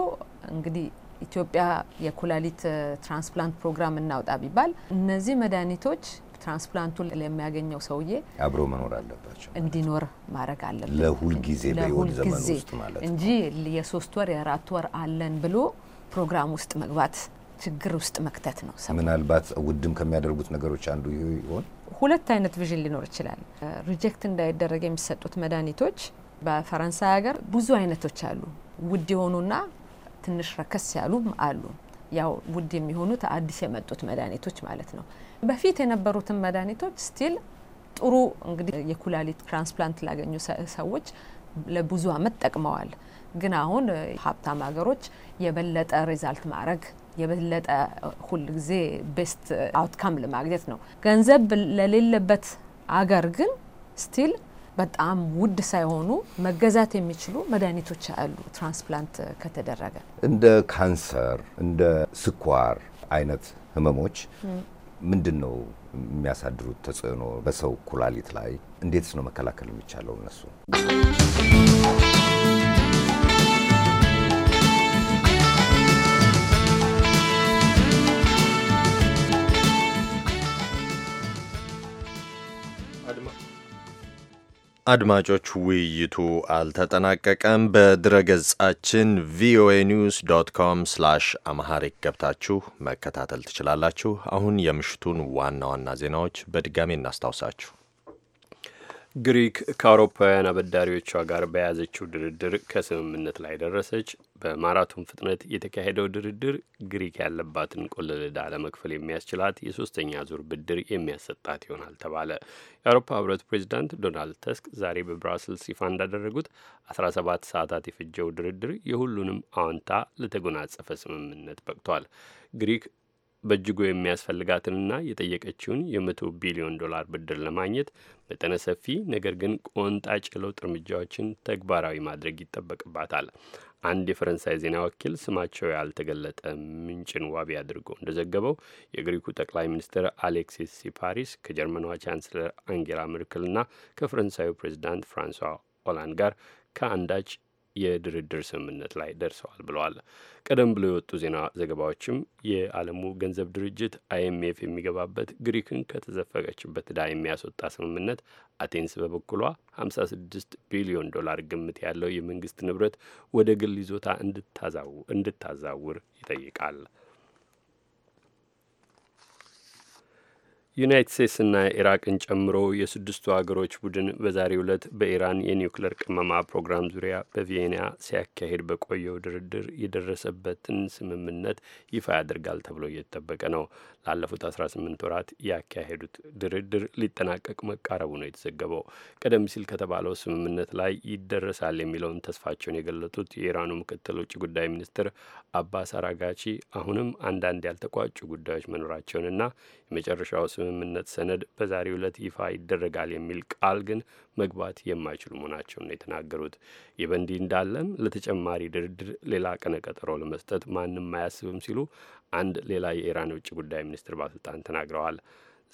እንግዲህ ኢትዮጵያ የኩላሊት ትራንስፕላንት ፕሮግራም እናውጣ ቢባል እነዚህ መድኃኒቶች ትራንስፕላንቱን ለሚያገኘው ሰውዬ አብሮ መኖር አለባቸው፣ እንዲኖር ማድረግ አለበት ለሁልጊዜ በህይወት ዘመን ውስጥ ማለት እንጂ የሶስት ወር የአራት ወር አለን ብሎ ፕሮግራም ውስጥ መግባት ችግር ውስጥ መክተት ነው። ምናልባት ውድም ከሚያደርጉት ነገሮች አንዱ ይሆን ሁለት አይነት ቪዥን ሊኖር ይችላል። ሪጀክት እንዳይደረግ የሚሰጡት መድኃኒቶች በፈረንሳይ ሀገር ብዙ አይነቶች አሉ። ውድ የሆኑና ትንሽ ረከስ ያሉ አሉ። ያው ውድ የሚሆኑት አዲስ የመጡት መድኃኒቶች ማለት ነው። በፊት የነበሩትን መድኃኒቶች ስቲል ጥሩ እንግዲህ የኩላሊት ትራንስፕላንት ላገኙ ሰዎች ለብዙ አመት ጠቅመዋል። ግን አሁን ሀብታም ሀገሮች የበለጠ ሪዛልት ማድረግ የበለጠ ሁል ጊዜ ቤስት አውትካም ለማግኘት ነው። ገንዘብ ለሌለበት አገር ግን ስቲል በጣም ውድ ሳይሆኑ መገዛት የሚችሉ መድኃኒቶች አሉ። ትራንስፕላንት ከተደረገ እንደ ካንሰር፣ እንደ ስኳር አይነት ህመሞች ምንድን ነው የሚያሳድሩት ተጽዕኖ በሰው ኩላሊት ላይ? እንዴትስ ነው መከላከል የሚቻለው እነሱ አድማጮች ውይይቱ አልተጠናቀቀም። በድረገጻችን ቪኦኤ ኒውስ ዶት ኮም ስላሽ አምሃሪክ ገብታችሁ መከታተል ትችላላችሁ። አሁን የምሽቱን ዋና ዋና ዜናዎች በድጋሚ እናስታውሳችሁ። ግሪክ ከአውሮፓውያን አበዳሪዎቿ ጋር በያዘችው ድርድር ከስምምነት ላይ ደረሰች። በማራቶን ፍጥነት የተካሄደው ድርድር ግሪክ ያለባትን ቆለል ዕዳ ለመክፈል የሚያስችላት የሶስተኛ ዙር ብድር የሚያሰጣት ይሆናል ተባለ። የአውሮፓ ህብረት ፕሬዚዳንት ዶናልድ ተስክ ዛሬ በብራስልስ ይፋ እንዳደረጉት 17 ሰዓታት የፈጀው ድርድር የሁሉንም አዎንታ ለተጎናጸፈ ስምምነት በቅቷል። ግሪክ በእጅጉ የሚያስፈልጋትንና የጠየቀችውን የመቶ ቢሊዮን ዶላር ብድር ለማግኘት መጠነ ሰፊ ነገር ግን ቆንጣጭ የለውጥ እርምጃዎችን ተግባራዊ ማድረግ ይጠበቅባታል። አንድ የፈረንሳይ ዜና ወኪል ስማቸው ያልተገለጠ ምንጭን ዋቢ አድርጎ እንደዘገበው የግሪኩ ጠቅላይ ሚኒስትር አሌክሲስ ሲፓሪስ ከጀርመኗ ቻንስለር አንጌላ መርክልና ከፈረንሳዩ ፕሬዚዳንት ፍራንሷ ኦላንድ ጋር ከአንዳች የድርድር ስምምነት ላይ ደርሰዋል ብለዋል። ቀደም ብሎ የወጡ ዜና ዘገባዎችም የዓለሙ ገንዘብ ድርጅት አይኤምኤፍ የሚገባበት ግሪክን ከተዘፈቀችበት ዕዳ የሚያስወጣ ስምምነት አቴንስ በበኩሏ 56 ቢሊዮን ዶላር ግምት ያለው የመንግስት ንብረት ወደ ግል ይዞታ እንድታዛውር ይጠይቃል። ዩናይት ስቴትስና ኢራቅን ጨምሮ የስድስቱ አገሮች ቡድን በዛሬው ዕለት በኢራን የኒውክሌር ቅመማ ፕሮግራም ዙሪያ በቪየና ሲያካሄድ በቆየው ድርድር የደረሰበትን ስምምነት ይፋ ያደርጋል ተብሎ እየተጠበቀ ነው። ላለፉት 18 ወራት ያካሄዱት ድርድር ሊጠናቀቅ መቃረቡ ነው የተዘገበው። ቀደም ሲል ከተባለው ስምምነት ላይ ይደረሳል የሚለውን ተስፋቸውን የገለጡት የኢራኑ ምክትል ውጭ ጉዳይ ሚኒስትር አባስ አራጋቺ አሁንም አንዳንድ ያልተቋጩ ጉዳዮች መኖራቸውንና የመጨረሻው የስምምነት ሰነድ በዛሬው ዕለት ይፋ ይደረጋል የሚል ቃል ግን መግባት የማይችሉ መሆናቸውን ነው የተናገሩት። ይህ በእንዲህ እንዳለም ለተጨማሪ ድርድር ሌላ ቀነ ቀጠሮ ለመስጠት ማንም አያስብም ሲሉ አንድ ሌላ የኢራን ውጭ ጉዳይ ሚኒስትር ባለስልጣን ተናግረዋል።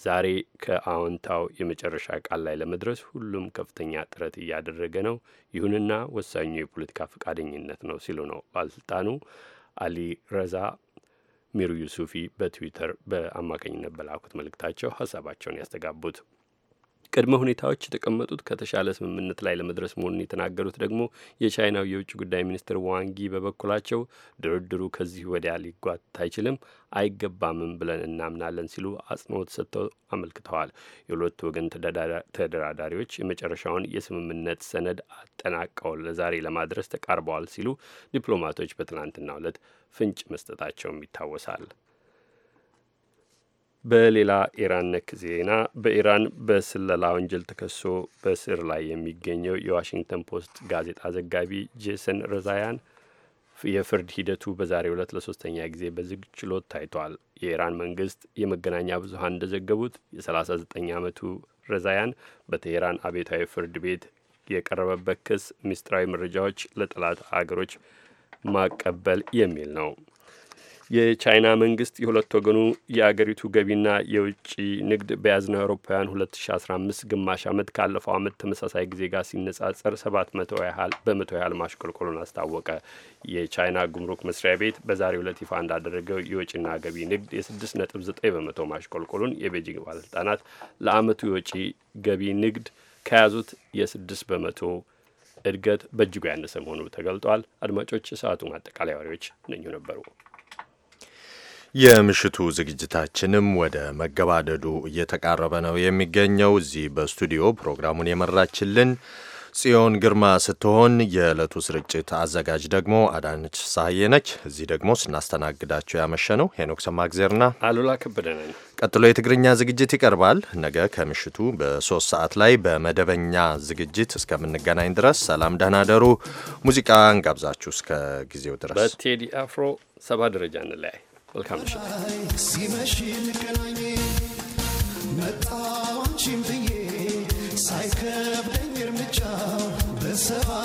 ዛሬ ከአዎንታው የመጨረሻ ቃል ላይ ለመድረስ ሁሉም ከፍተኛ ጥረት እያደረገ ነው፣ ይሁንና ወሳኙ የፖለቲካ ፈቃደኝነት ነው ሲሉ ነው ባለስልጣኑ አሊ ረዛ ሚሩ ዩሱፊ በትዊተር በአማካኝነት በላኩት መልእክታቸው ሀሳባቸውን ያስተጋቡት ቅድመ ሁኔታዎች የተቀመጡት ከተሻለ ስምምነት ላይ ለመድረስ መሆኑን የተናገሩት ደግሞ የቻይናው የውጭ ጉዳይ ሚኒስትር ዋንጊ በበኩላቸው ድርድሩ ከዚህ ወዲያ ሊጓት አይችልም፣ አይገባምም ብለን እናምናለን ሲሉ አጽንኦት ሰጥተው አመልክተዋል። የሁለቱ ወገን ተደራዳሪዎች የመጨረሻውን የስምምነት ሰነድ አጠናቀው ለዛሬ ለማድረስ ተቃርበዋል ሲሉ ዲፕሎማቶች በትናንትናው ዕለት ፍንጭ መስጠታቸውም ይታወሳል። በሌላ ኢራን ነክ ዜና በኢራን በስለላ ወንጀል ተከሶ በስር ላይ የሚገኘው የዋሽንግተን ፖስት ጋዜጣ ዘጋቢ ጄሰን ረዛያን የፍርድ ሂደቱ በዛሬ ዕለት ለሶስተኛ ጊዜ በዝግ ችሎት ታይቷል። የኢራን መንግስት የመገናኛ ብዙኃን እንደዘገቡት የ39 ዓመቱ ረዛያን በቴሄራን አቤታዊ ፍርድ ቤት የቀረበበት ክስ ሚስጥራዊ መረጃዎች ለጠላት አገሮች ማቀበል የሚል ነው። የቻይና መንግስት የሁለት ወገኑ የአገሪቱ ገቢና የውጭ ንግድ በያዝነው አውሮፓውያን 2015 ግማሽ ዓመት ካለፈው ዓመት ተመሳሳይ ጊዜ ጋር ሲነጻጸር 700 ያህል በመቶ ያህል ማሽቆልቆሉን አስታወቀ። የቻይና ጉምሩክ መስሪያ ቤት በዛሬው ዕለት ይፋ እንዳደረገው የውጭና ገቢ ንግድ የ6.9 በመቶ ማሽቆልቆሉን የቤጂንግ ባለስልጣናት ለአመቱ የወጪ ገቢ ንግድ ከያዙት የ6 በመቶ እድገት በእጅጉ ያነሰ መሆኑ ተገልጧል። አድማጮች፣ የሰዓቱ ማጠቃለያ ወሬዎች እነኙ ነበሩ። የምሽቱ ዝግጅታችንም ወደ መገባደዱ እየተቃረበ ነው የሚገኘው። እዚህ በስቱዲዮ ፕሮግራሙን የመራችልን ጽዮን ግርማ ስትሆን የዕለቱ ስርጭት አዘጋጅ ደግሞ አዳነች ሳህዬ ነች። እዚህ ደግሞ ስናስተናግዳቸው ያመሸ ነው ሄኖክ ሰማግዜርና አሉላ ከበደ ቀጥሎ የትግርኛ ዝግጅት ይቀርባል። ነገ ከምሽቱ በሶስት ሰዓት ላይ በመደበኛ ዝግጅት እስከምንገናኝ ድረስ ሰላም፣ ደህና ደሩ። ሙዚቃ እንጋብዛችሁ እስከ ጊዜው ድረስ በቴዲ አፍሮ ሰባ ደረጃ እንለያይ። መልካም ምሽት። ሲመሽ እንገናኝ ብዬ ሳይከብደኝ እርምጃ በሰባ